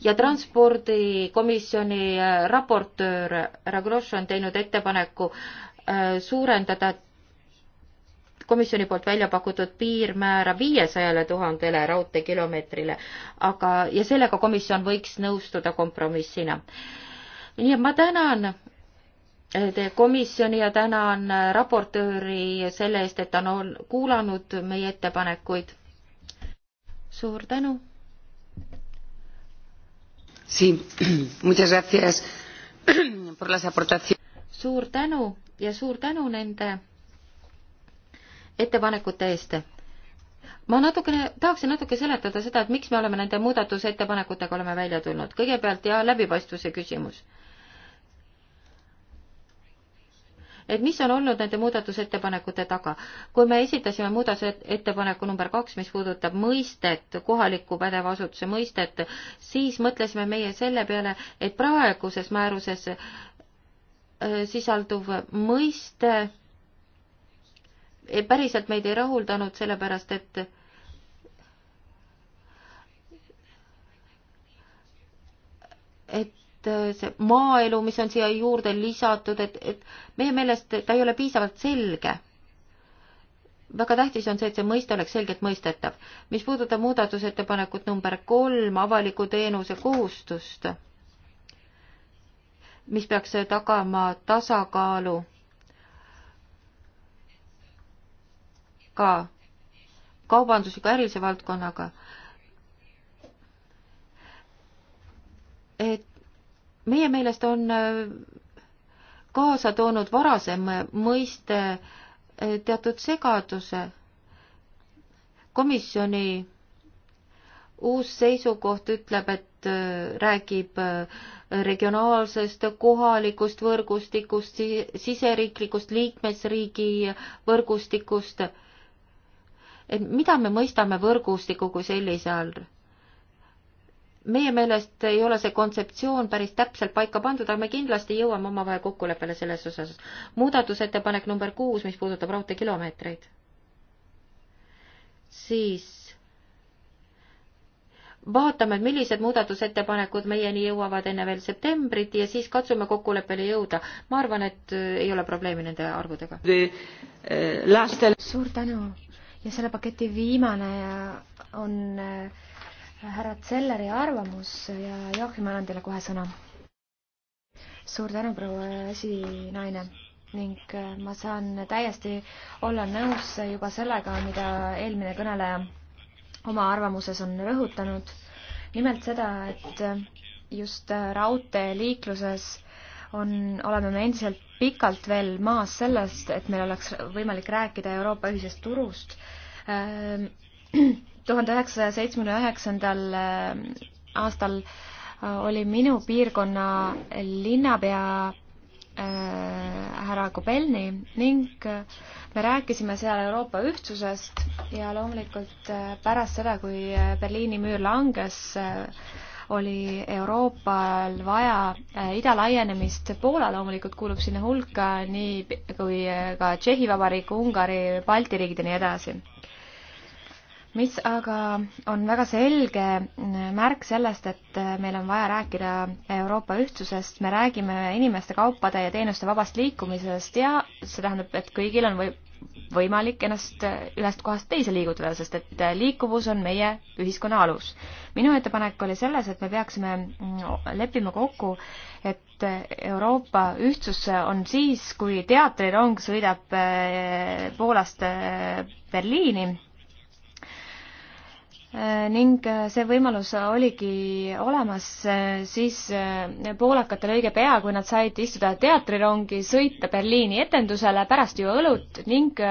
Speaker 2: ja transpordikomisjoni äh, raportöör härra Grosch on teinud ettepaneku äh, suurendada komisjoni poolt välja pakutud piirmäära viiesajale tuhandele raudteekilomeetrile, aga, ja sellega komisjon võiks nõustuda kompromissina. nii et ma tänan äh, teie komisjoni ja tänan raportööri selle eest, et ta on kuulanud meie ettepanekuid. suur tänu Sí, muchas gracias por las aportaciones. suur tänu ja suur tänu nende ettepanekute eest. ma natukene, tahaksin natuke seletada seda, et miks me oleme nende muudatusettepanekutega oleme välja tulnud. kõigepealt ja läbipaistvuse küsimus et mis on olnud nende muudatusettepanekute taga. kui me esitasime muudatusettepaneku number kaks, mis puudutab mõistet, kohaliku pädeva asutuse mõistet, siis mõtlesime meie selle peale, et praeguses määruses äh, sisalduv mõiste eh, päriselt meid ei rahuldanud, sellepärast et et Äh, see maaelu, mis on siia juurde lisatud, et, et meie meelest ta ei ole piisavalt selge. väga tähtis on see, et see mõiste oleks selgelt mõistetav. mis puudutab muudatusettepanekut number kolm, avaliku teenuse kohustust, mis peaks tagama tasakaalu ka kaubandusliku ärilise valdkonnaga, et meie meelest on äh, kaasa toonud varasem mõiste äh, teatud segaduse. komisjoni uus seisukoht ütleb, et äh, räägib regionaalsest kohalikust võrgustikust, siseriiklikust liikmesriigi võrgustikust. et mida me mõistame võrgustiku kui sellise all? meie meelest ei ole see kontseptsioon päris täpselt paika pandud, aga me kindlasti jõuame omavahel kokkuleppele selles osas. muudatusettepanek number kuus, mis puudutab raudteekilomeetreid, siis vaatame, et millised muudatusettepanekud meieni jõuavad enne veel septembrit ja siis katsume kokkuleppele jõuda. ma arvan, et äh, ei ole probleemi nende arvudega. Äh,
Speaker 1: suur tänu ja selle paketi viimane on äh, härra Zelleri arvamus ja Joachim, annan teile kohe sõna. suur tänu, proua esinaine ning äh, ma saan täiesti olla nõus juba sellega, mida eelmine kõneleja oma arvamuses on rõhutanud. nimelt seda, et äh, just äh, raudteeliikluses on, oleme me endiselt pikalt veel maas sellest, et meil oleks võimalik rääkida Euroopa ühisest turust tuhande üheksasaja seitsmekümne üheksandal äh, aastal äh, oli minu piirkonna linnapea äh, härra Kobelni ning me rääkisime seal Euroopa ühtsusest ja loomulikult pärast seda, kui Berliini müür langes, oli Euroopal vaja ida laienemist, Poola loomulikult kuulub sinna hulka, nii kui ka Tšehhi Vabariik, Ungari, Balti riigid ja nii edasi mis aga on väga selge märk sellest, et meil on vaja rääkida Euroopa ühtsusest, me räägime inimeste, kaupade ja teenuste vabast liikumisest ja see tähendab, et kõigil on või-, võimalik ennast ühest kohast teise liigutada, sest et liikuvus on meie ühiskonna alus. minu ettepanek oli selles, et me peaksime leppima kokku, et Euroopa ühtsus on siis, kui teatrirong sõidab eh, Poolast eh, Berliini Äh, ning äh, see võimalus oligi olemas äh, siis poolakatel õige pea, kui nad said istuda teatrirongi, sõita Berliini etendusele, pärast juua õlut ning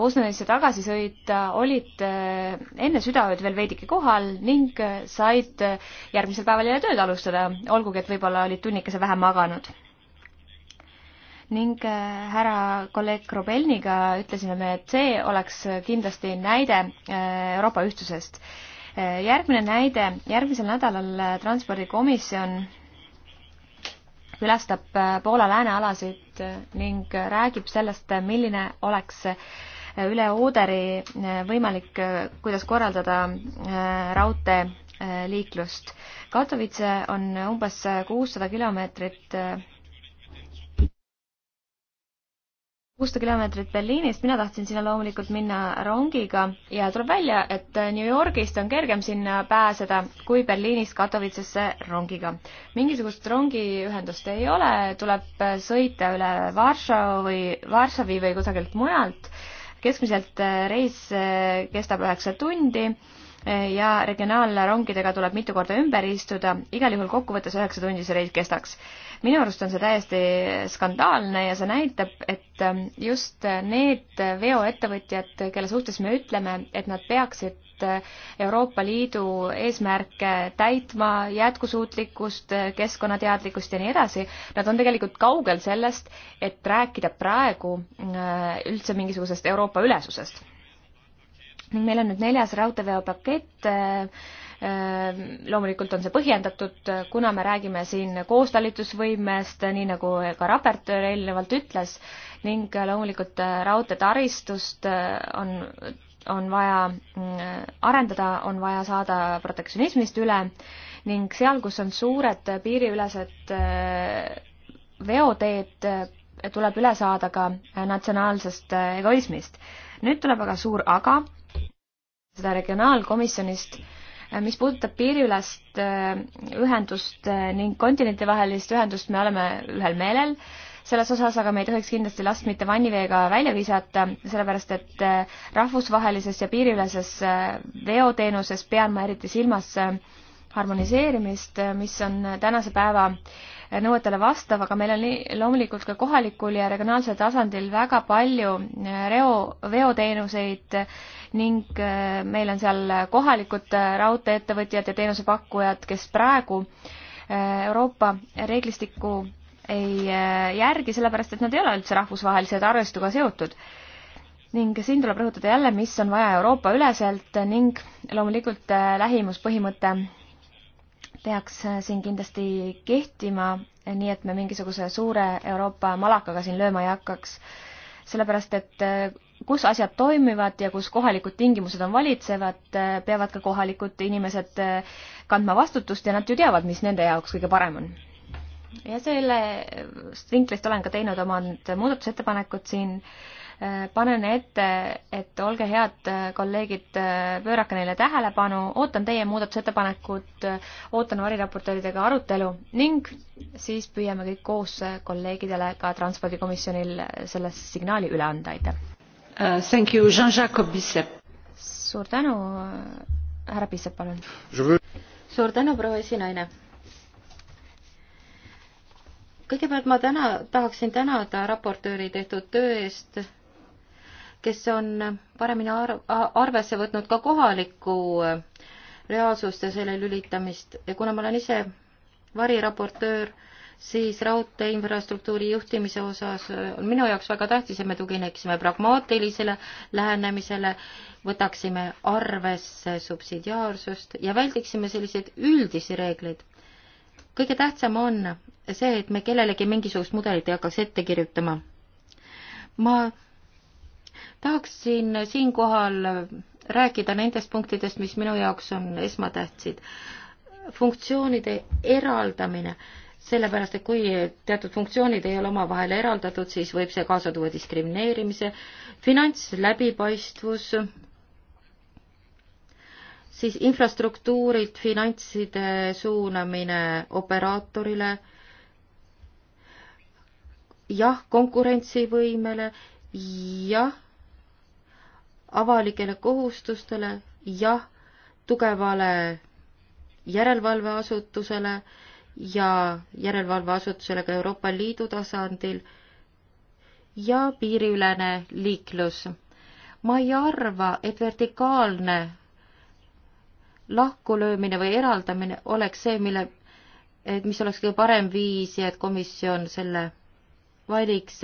Speaker 1: Bosnanisse tagasi sõita, olid enne südaööd veel veidike kohal ning said järgmisel päeval jälle tööd alustada, olgugi et võib-olla olid tunnikese vähe maganud ning äh, härra kolleeg Krobelniga ütlesime me, et see oleks kindlasti näide äh, Euroopa ühtsusest. Äh, järgmine näide, järgmisel nädalal Transpordikomisjon külastab Poola läänealasid ning räägib sellest, milline oleks üle Ooderi võimalik, kuidas korraldada raudteeliiklust. Katowice on umbes kuussada kilomeetrit kuussada kilomeetrit Berliinist, mina tahtsin sinna loomulikult minna rongiga ja tuleb välja, et äh, New Yorgist on kergem sinna pääseda kui Berliinist Katowicesse rongiga. mingisugust rongiühendust ei ole, tuleb äh, sõita üle Varssava või Varssavi või kusagilt mujalt. keskmiselt äh, reis kestab üheksa tundi ja regionaalrongidega tuleb mitu korda ümber istuda, igal juhul kokkuvõttes üheksatunnise reis kestaks minu arust on see täiesti skandaalne ja see näitab, et ähm, just need veoettevõtjad, kelle suhtes me ütleme, et nad peaksid äh, Euroopa Liidu eesmärke täitma, jätkusuutlikkust, äh, keskkonnateadlikkust ja nii edasi, nad on tegelikult kaugel sellest, et rääkida praegu äh, üldse mingisugusest Euroopa ülesusest. ning meil on nüüd neljas raudteeveopakett, Ehm, loomulikult on see põhjendatud, kuna me räägime siin koostalitusvõimest, nii nagu ka raportöör eelnevalt ütles, ning loomulikult äh, raudteetaristust äh, on, on vaja mm, arendada, on vaja saada protektsionismist üle ning seal, kus on suured piiriülesed äh, veoteed, tuleb üle saada ka natsionaalsest egoismist. nüüd tuleb aga suur aga, seda regionaalkomisjonist Äh, mis puudutab piiriülest äh, ühendust äh, ning kontinentivahelist ühendust, me oleme ühel meelel selles osas, aga me ei tohiks kindlasti last mitte vanniveega välja visata, sellepärast et rahvusvahelises ja piiriüleses veoteenuses pean ma eriti silmas äh, harmoniseerimist, mis on tänase päeva nõuetele vastav, aga meil on loomulikult ka kohalikul ja regionaalsel tasandil väga palju äh, reo, veoteenuseid ning äh, meil on seal kohalikud äh, raudtee-ettevõtjad ja teenusepakkujad, kes praegu Euroopa reeglistikku ei järgi, sellepärast et nad ei ole üldse rahvusvahelise tarvestuga seotud ning siin tuleb rõhutada jälle, mis on vaja Euroopa üleselt ning loomulikult lähimuspõhimõte peaks äh, siin kindlasti kehtima, nii et me mingisuguse suure Euroopa malakaga siin lööma ei hakkaks. sellepärast, et äh, kus asjad toimivad ja kus kohalikud tingimused on valitsevad, äh, peavad ka kohalikud inimesed kandma vastutust ja nad ju teavad, mis nende jaoks kõige parem on. ja selle vinklist olen ka teinud omad muudatusettepanekud siin äh, panen ette, et olge head, kolleegid, pöörake neile tähelepanu, ootan teie muudatusettepanekut, ootan variraportööridega arutelu ning siis püüame kõik koos kolleegidele ka Transpordikomisjonil selle signaali üle anda, aitäh
Speaker 2: uh,! Thank you, Jean-Jacques Bissep! suur tänu, härra Bissep, palun! suur tänu, proua esinaine! kõigepealt ma täna, tahaksin tänada raportööri tehtud töö eest kes on paremini ar-, arvesse võtnud ka kohalikku äh, reaalsust ja selle lülitamist ja kuna ma olen ise variraportöör, siis raudtee infrastruktuuri juhtimise osas äh, on minu jaoks väga tähtis, et me tugineksime pragmaatilisele lähenemisele, võtaksime arvesse subsidiaarsust ja väldiksime selliseid üldisi reegleid. kõige tähtsam on see, et me kellelegi mingisugust mudelit ei hakkaks ette kirjutama. ma tahaksin siinkohal rääkida nendest punktidest, mis minu jaoks on esmatähtsid. funktsioonide eraldamine, sellepärast et kui teatud funktsioonid ei ole omavahel eraldatud, siis võib see kaasa tuua diskrimineerimise, finantsläbipaistvus, siis infrastruktuurid, finantside suunamine operaatorile, jah, konkurentsivõimele, jah avalikele kohustustele, jah, tugevale järelevalveasutusele ja järelevalveasutusele ka Euroopa Liidu tasandil ja piiriülene liiklus. ma ei arva, et vertikaalne lahkulöömine või eraldamine oleks see, mille, et mis oleks kõige parem viis ja et komisjon selle valiks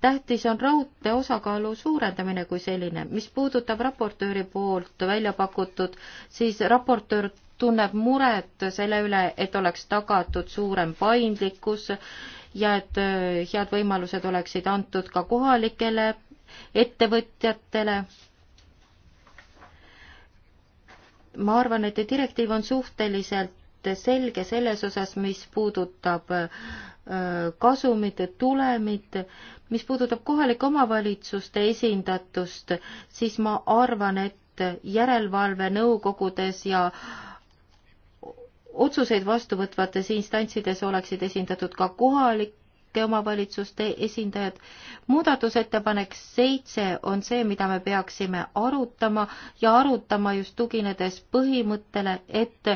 Speaker 2: tähtis on raudtee osakaalu suurendamine kui selline. mis puudutab raportööri poolt välja pakutud, siis raportöör tunneb muret selle üle, et oleks tagatud suurem paindlikkus ja et äh, head võimalused oleksid antud ka kohalikele ettevõtjatele. ma arvan, et direktiiv on suhteliselt selge selles osas, mis puudutab äh, kasumit, tulemit, mis puudutab kohalike omavalitsuste esindatust, siis ma arvan, et järelevalvenõukogudes ja otsuseid vastu võtvates instantsides oleksid esindatud ka kohalike omavalitsuste esindajad. muudatusettepanek seitse on see, mida me peaksime arutama ja arutama just tuginedes põhimõttele, et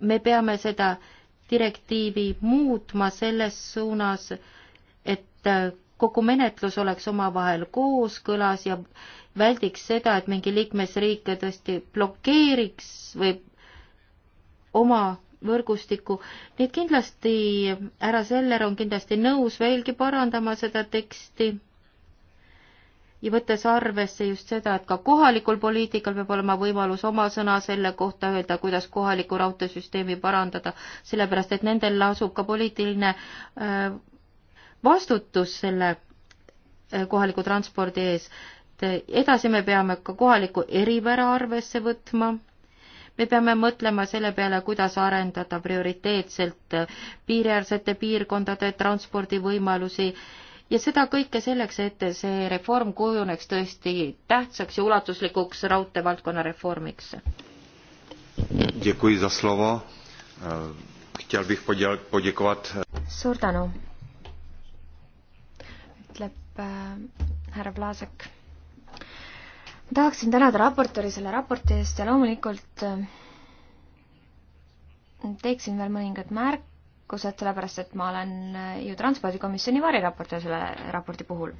Speaker 2: me peame seda direktiivi muutma selles suunas, et kogu menetlus oleks omavahel kooskõlas ja väldiks seda, et mingi liikmesriik tõesti blokeeriks või oma võrgustikku. nii et kindlasti härra Seller on kindlasti nõus veelgi parandama seda teksti ja võttes arvesse just seda, et ka kohalikul poliitikal peab olema võimalus oma sõna selle kohta öelda, kuidas kohalikku raudteesüsteemi parandada, sellepärast et nendel lasub ka poliitiline äh, vastutus selle eh, kohaliku transpordi ees. edasi me peame ka kohaliku eripära arvesse võtma. me peame mõtlema selle peale, kuidas arendada prioriteetselt eh, piiriäärsete piirkondade transpordivõimalusi ja seda kõike selleks, et see reform kujuneks tõesti tähtsaks ja ulatuslikuks raudteevaldkonna reformiks. Eh, suur tänu
Speaker 1: ütleb äh, härra Vlasek. ma tahaksin tänada raportööri selle raporti eest ja loomulikult äh, teeksin veel mõningad märkused, sellepärast et ma olen äh, ju Transpordikomisjoni variraportöör selle raporti puhul.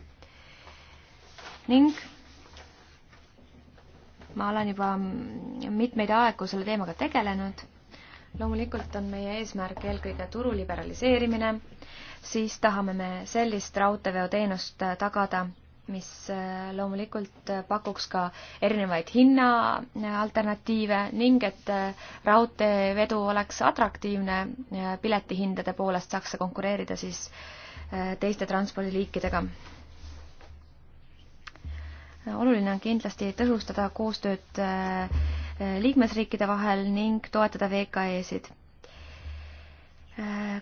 Speaker 1: ning ma olen juba mitmeid aegu selle teemaga tegelenud. loomulikult on meie eesmärk eelkõige turu liberaliseerimine äh,, siis tahame me sellist raudteeveoteenust äh, tagada, mis äh, loomulikult äh, pakuks ka erinevaid hinnaalternatiive ning et raudteevedu oleks atraktiivne piletihindade poolest, saaks see konkureerida siis teiste transpordiliikidega. oluline on kindlasti tõhustada koostööd liikmesriikide vahel ning toetada VKE-sid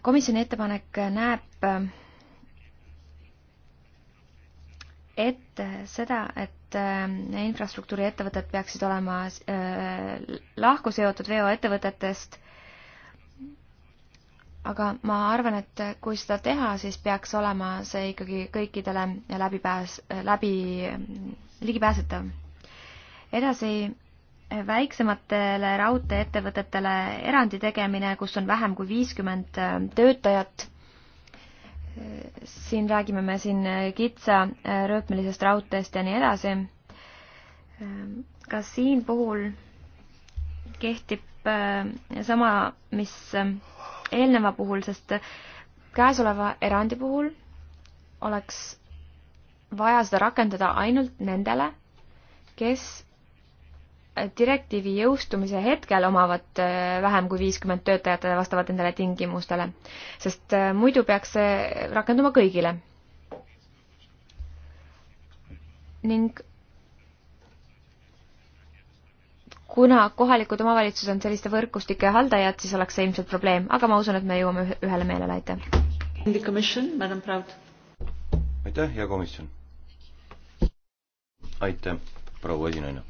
Speaker 1: komisjoni ettepanek näeb ette seda, et äh, infrastruktuuriettevõtted peaksid olema äh, lahku seotud veoettevõtetest. aga ma arvan, et kui seda teha, siis peaks olema see ikkagi kõikidele läbipääs, läbi, läbi, ligipääsetav. edasi väiksematele raudteeettevõtetele erandi tegemine, kus on vähem kui viiskümmend äh, töötajat. siin räägime me siin äh, kitsa äh, rööpmelisest raudteest ja nii edasi. ka siin puhul kehtib sama, mis eelneva puhul, sest käesoleva erandi puhul oleks vaja seda rakendada ainult nendele, kes direktiivi jõustumise hetkel omavad äh, vähem kui viiskümmend töötajat vastavalt nendele tingimustele, sest äh, muidu peaks see rakenduma kõigile. ning kuna kohalikud omavalitsused on selliste võrgustike haldajad, siis oleks see ilmselt probleem, aga ma usun, et me jõuame ühele meelele, aitäh.
Speaker 3: aitäh, hea komisjon. aitäh, proua esinaine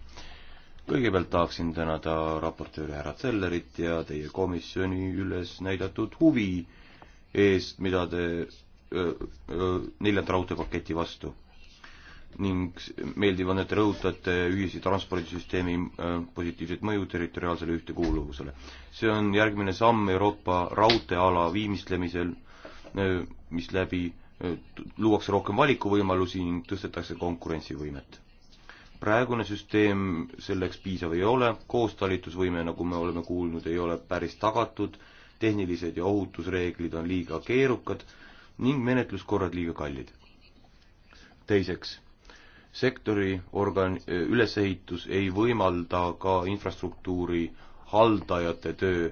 Speaker 3: kõigepealt tahaksin tänada raportööri härra Sellerit ja teie komisjoni üles näidatud huvi eest, mida te neljanda raudteepaketi vastu. ning meeldiv on, et te rõhutate ühise transpordisüsteemi positiivset mõju territoriaalsele ühtekuuluvusele. see on järgmine samm Euroopa raudteeala viimistlemisel, mis läbi luuakse rohkem valikuvõimalusi ning tõstetakse konkurentsivõimet praegune süsteem selleks piisav ei ole, koostalitusvõime, nagu me oleme kuulnud, ei ole päris tagatud, tehnilised ja ohutusreeglid on liiga keerukad ning menetluskorrad liiga kallid. teiseks, sektori organ-, ülesehitus ei võimalda ka infrastruktuuri haldajate töö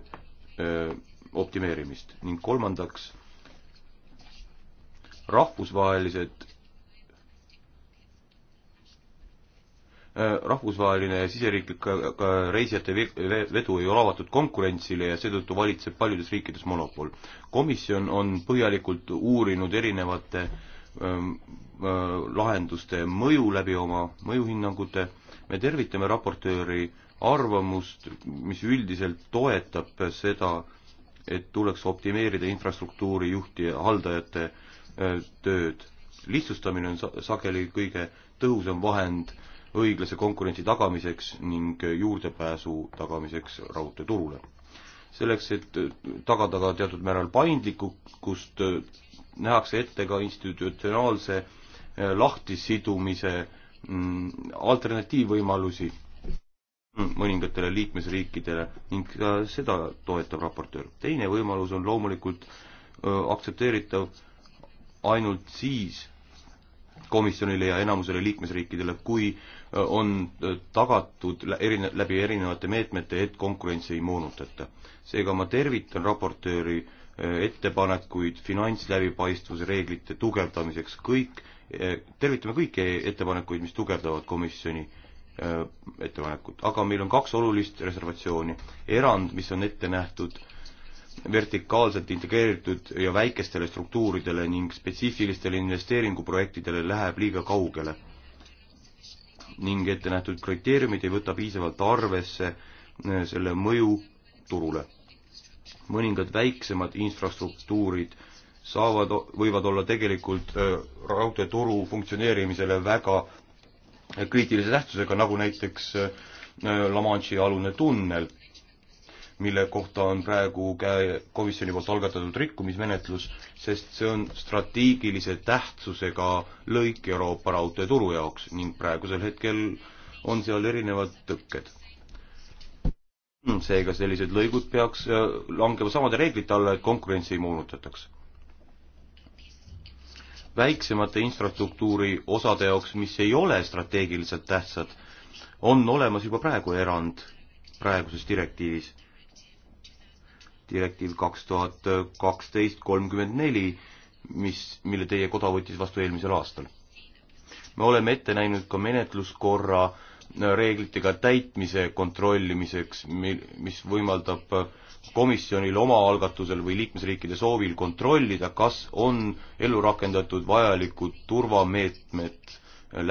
Speaker 3: öö, optimeerimist ning kolmandaks, rahvusvahelised rahvusvaheline ja siseriiklik äh, äh, reisijate vedu ei ole avatud konkurentsile ja seetõttu valitseb paljudes riikides monopol. komisjon on põhjalikult uurinud erinevate ähm, äh, lahenduste mõju läbi oma mõjuhinnangute. me tervitame raportööri arvamust, mis üldiselt toetab seda, et tuleks optimeerida infrastruktuuri juhti ja haldajate tööd. lihtsustamine on sageli kõige tõhusam vahend äh, õiglase konkurentsi tagamiseks ning juurdepääsu tagamiseks raudteeturule. selleks, et tagada ka teatud määral paindlikkust, nähakse ette ka institutsionaalse eh, lahtisidumise mm, alternatiivvõimalusi mõningatele liikmesriikidele ning ka seda toetab raportöör. teine võimalus on loomulikult eh, aktsepteeritav ainult siis, komisjonile ja enamusele liikmesriikidele, kui on tagatud erine-, läbi erinevate meetmete, et konkurentsi ei moonutata. seega ma tervitan raportööri ettepanekuid finantsläbipaistvuse reeglite tugevdamiseks, kõik, tervitame kõiki ettepanekuid, mis tugevdavad komisjoni ettepanekut, aga meil on kaks olulist reservatsiooni. erand, mis on ette nähtud äh, vertikaalselt integreeritud ja väikestele struktuuridele ning spetsiifilistele investeeringuprojektidele läheb liiga kaugele ning ettenähtud kriteeriumid ei võta piisavalt arvesse äh, selle mõju turule. mõningad väiksemad infrastruktuurid saavad, võivad olla tegelikult äh, raudteeturu funktsioneerimisele väga äh, kriitilise tähtsusega, nagu näiteks La Manche'i alune tunnel mille kohta on praegu käe komisjoni poolt algatatud rikkumismenetlus, sest see on strateegilise tähtsusega lõik Euroopa raudteeturu jaoks ning praegusel hetkel on seal erinevad tõkked. seega sellised lõigud peaks äh, langema samade reeglite alla, et konkurentsi ei moonutataks. väiksemate infrastruktuuri osade jaoks, mis ei ole strateegiliselt tähtsad, on olemas juba praegu erand praeguses direktiivis direktiiv kaks tuhat kaksteist kolmkümmend neli, mis, mille teie koda võttis vastu eelmisel aastal. me oleme ette näinud ka menetluskorra reeglitega täitmise kontrollimiseks, mil, mis võimaldab komisjonil oma algatusel või liikmesriikide soovil kontrollida, kas on ellu rakendatud vajalikud turvameetmed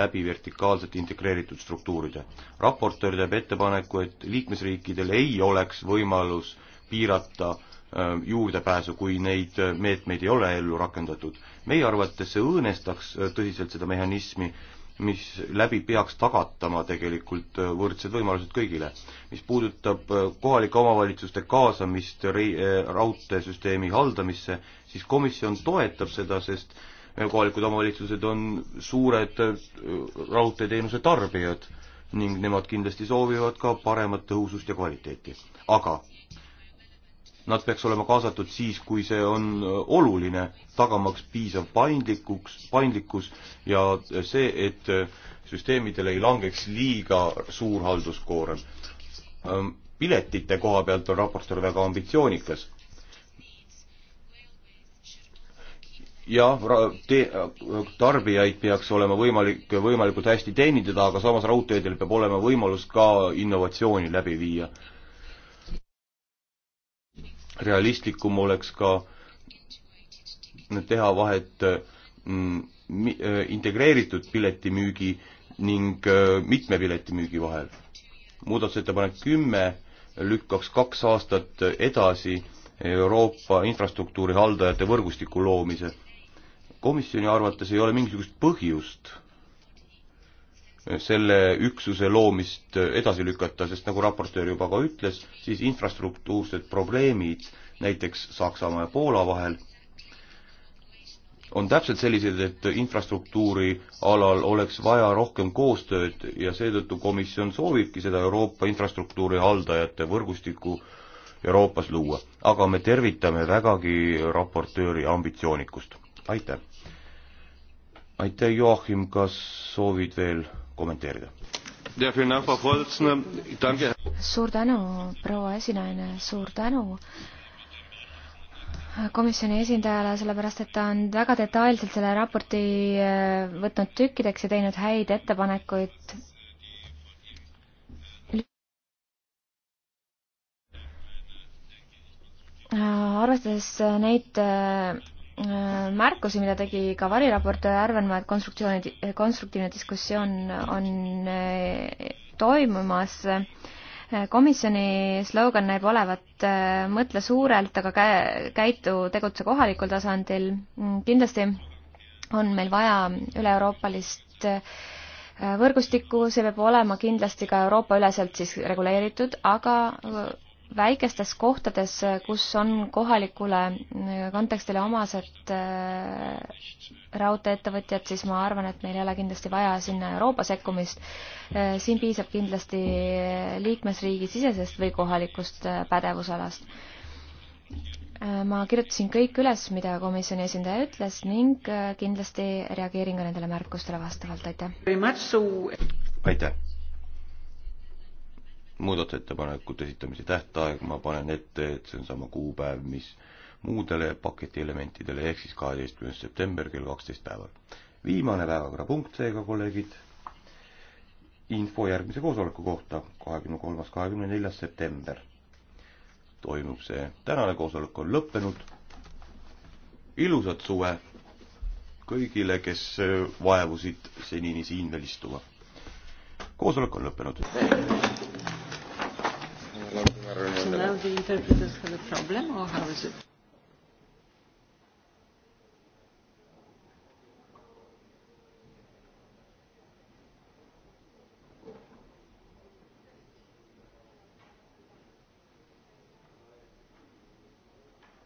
Speaker 3: läbi vertikaalselt integreeritud struktuuride. raportöör teeb ettepaneku, et liikmesriikidel ei oleks võimalus piirata äh, juurdepääsu, kui neid äh, meetmeid ei ole ellu rakendatud. meie arvates see õõnestaks äh, tõsiselt seda mehhanismi, mis läbi peaks tagatama tegelikult võrdsed võimalused kõigile. mis puudutab kohalike omavalitsuste kaasamist raudteesüsteemi haldamisse, siis komisjon toetab seda, sest kohalikud omavalitsused on suured raudteeteenuse tarbijad ning nemad kindlasti soovivad ka paremat tõhusust ja kvaliteeti. aga Nad peaks olema kaasatud siis, kui see on äh, oluline, tagamaks piisav paindlikuks, paindlikkus ja see, et äh, süsteemidele ei langeks liiga suur halduskoorem. Ähm, piletite koha pealt on raportöör väga ambitsioonikas jah, te-, äh, tarbijaid peaks olema võimalik, võimalikult hästi teenindada, aga samas raudteedel peab olema võimalus ka innovatsiooni läbi viia realistlikum oleks ka teha vahet mm, äh, integreeritud piletimüügi ning äh, mitme piletimüügi vahel. muudatusettepanek kümme lükkaks kaks aastat edasi Euroopa infrastruktuuri haldajate võrgustiku loomise. komisjoni arvates ei ole mingisugust põhjust selle üksuse loomist edasi lükata, sest nagu raportöör juba ka ütles, siis infrastruktuursed probleemid näiteks Saksamaa ja Poola vahel on täpselt sellised, et infrastruktuuri alal oleks vaja rohkem koostööd ja seetõttu komisjon soovibki seda Euroopa infrastruktuuri haldajate võrgustiku Euroopas luua. aga me tervitame vägagi raportööri ambitsioonikust. aitäh! aitäh, Joachim, kas soovid veel kommenteerida.
Speaker 1: suur tänu, proua esinaine, suur tänu komisjoni esindajale, sellepärast et ta on väga detailselt selle raporti äh, võtnud tükkideks ja teinud häid ettepanekuid. Äh, arvestades äh, neid Äh, märkusi, mida tegi ka variraportöör, arvan ma, et konstruktsiooni, konstruktiivne diskussioon on äh, toimumas. Äh, komisjoni slogan näib olevat mõtle suurelt, aga käe, käitu, tegutse kohalikul tasandil. Mm, kindlasti on meil vaja üle-euroopalist võrgustikku, see peab olema kindlasti ka Euroopa-üleselt siis reguleeritud, aga väikestes kohtades, kus on kohalikule kontekstile omased äh, raudteeettevõtjad, siis ma arvan, et meil ei ole kindlasti vaja sinna Euroopa sekkumist. Äh, siin piisab kindlasti liikmesriigi sisesest või kohalikust äh, pädevusalast. ma kirjutasin kõik üles, mida komisjoni esindaja ütles ning kindlasti reageerin ka nendele märkustele vastavalt, aitäh!
Speaker 3: aitäh! muudatusettepanekute esitamise tähtaeg, ma panen ette, et see on sama kuupäev, mis muudele paketi elementidele, ehk siis kaheteistkümnes september kell kaksteist päeval. viimane päevakorrapunkt seega, kolleegid, info järgmise koosoleku kohta, kahekümne kolmas, kahekümne neljas september toimub see. tänane koosolek on lõppenud, ilusat suve kõigile, kes vaevusid senini siin veel istuma. koosolek on lõppenud. So now the interpreters have a problem, or how is it?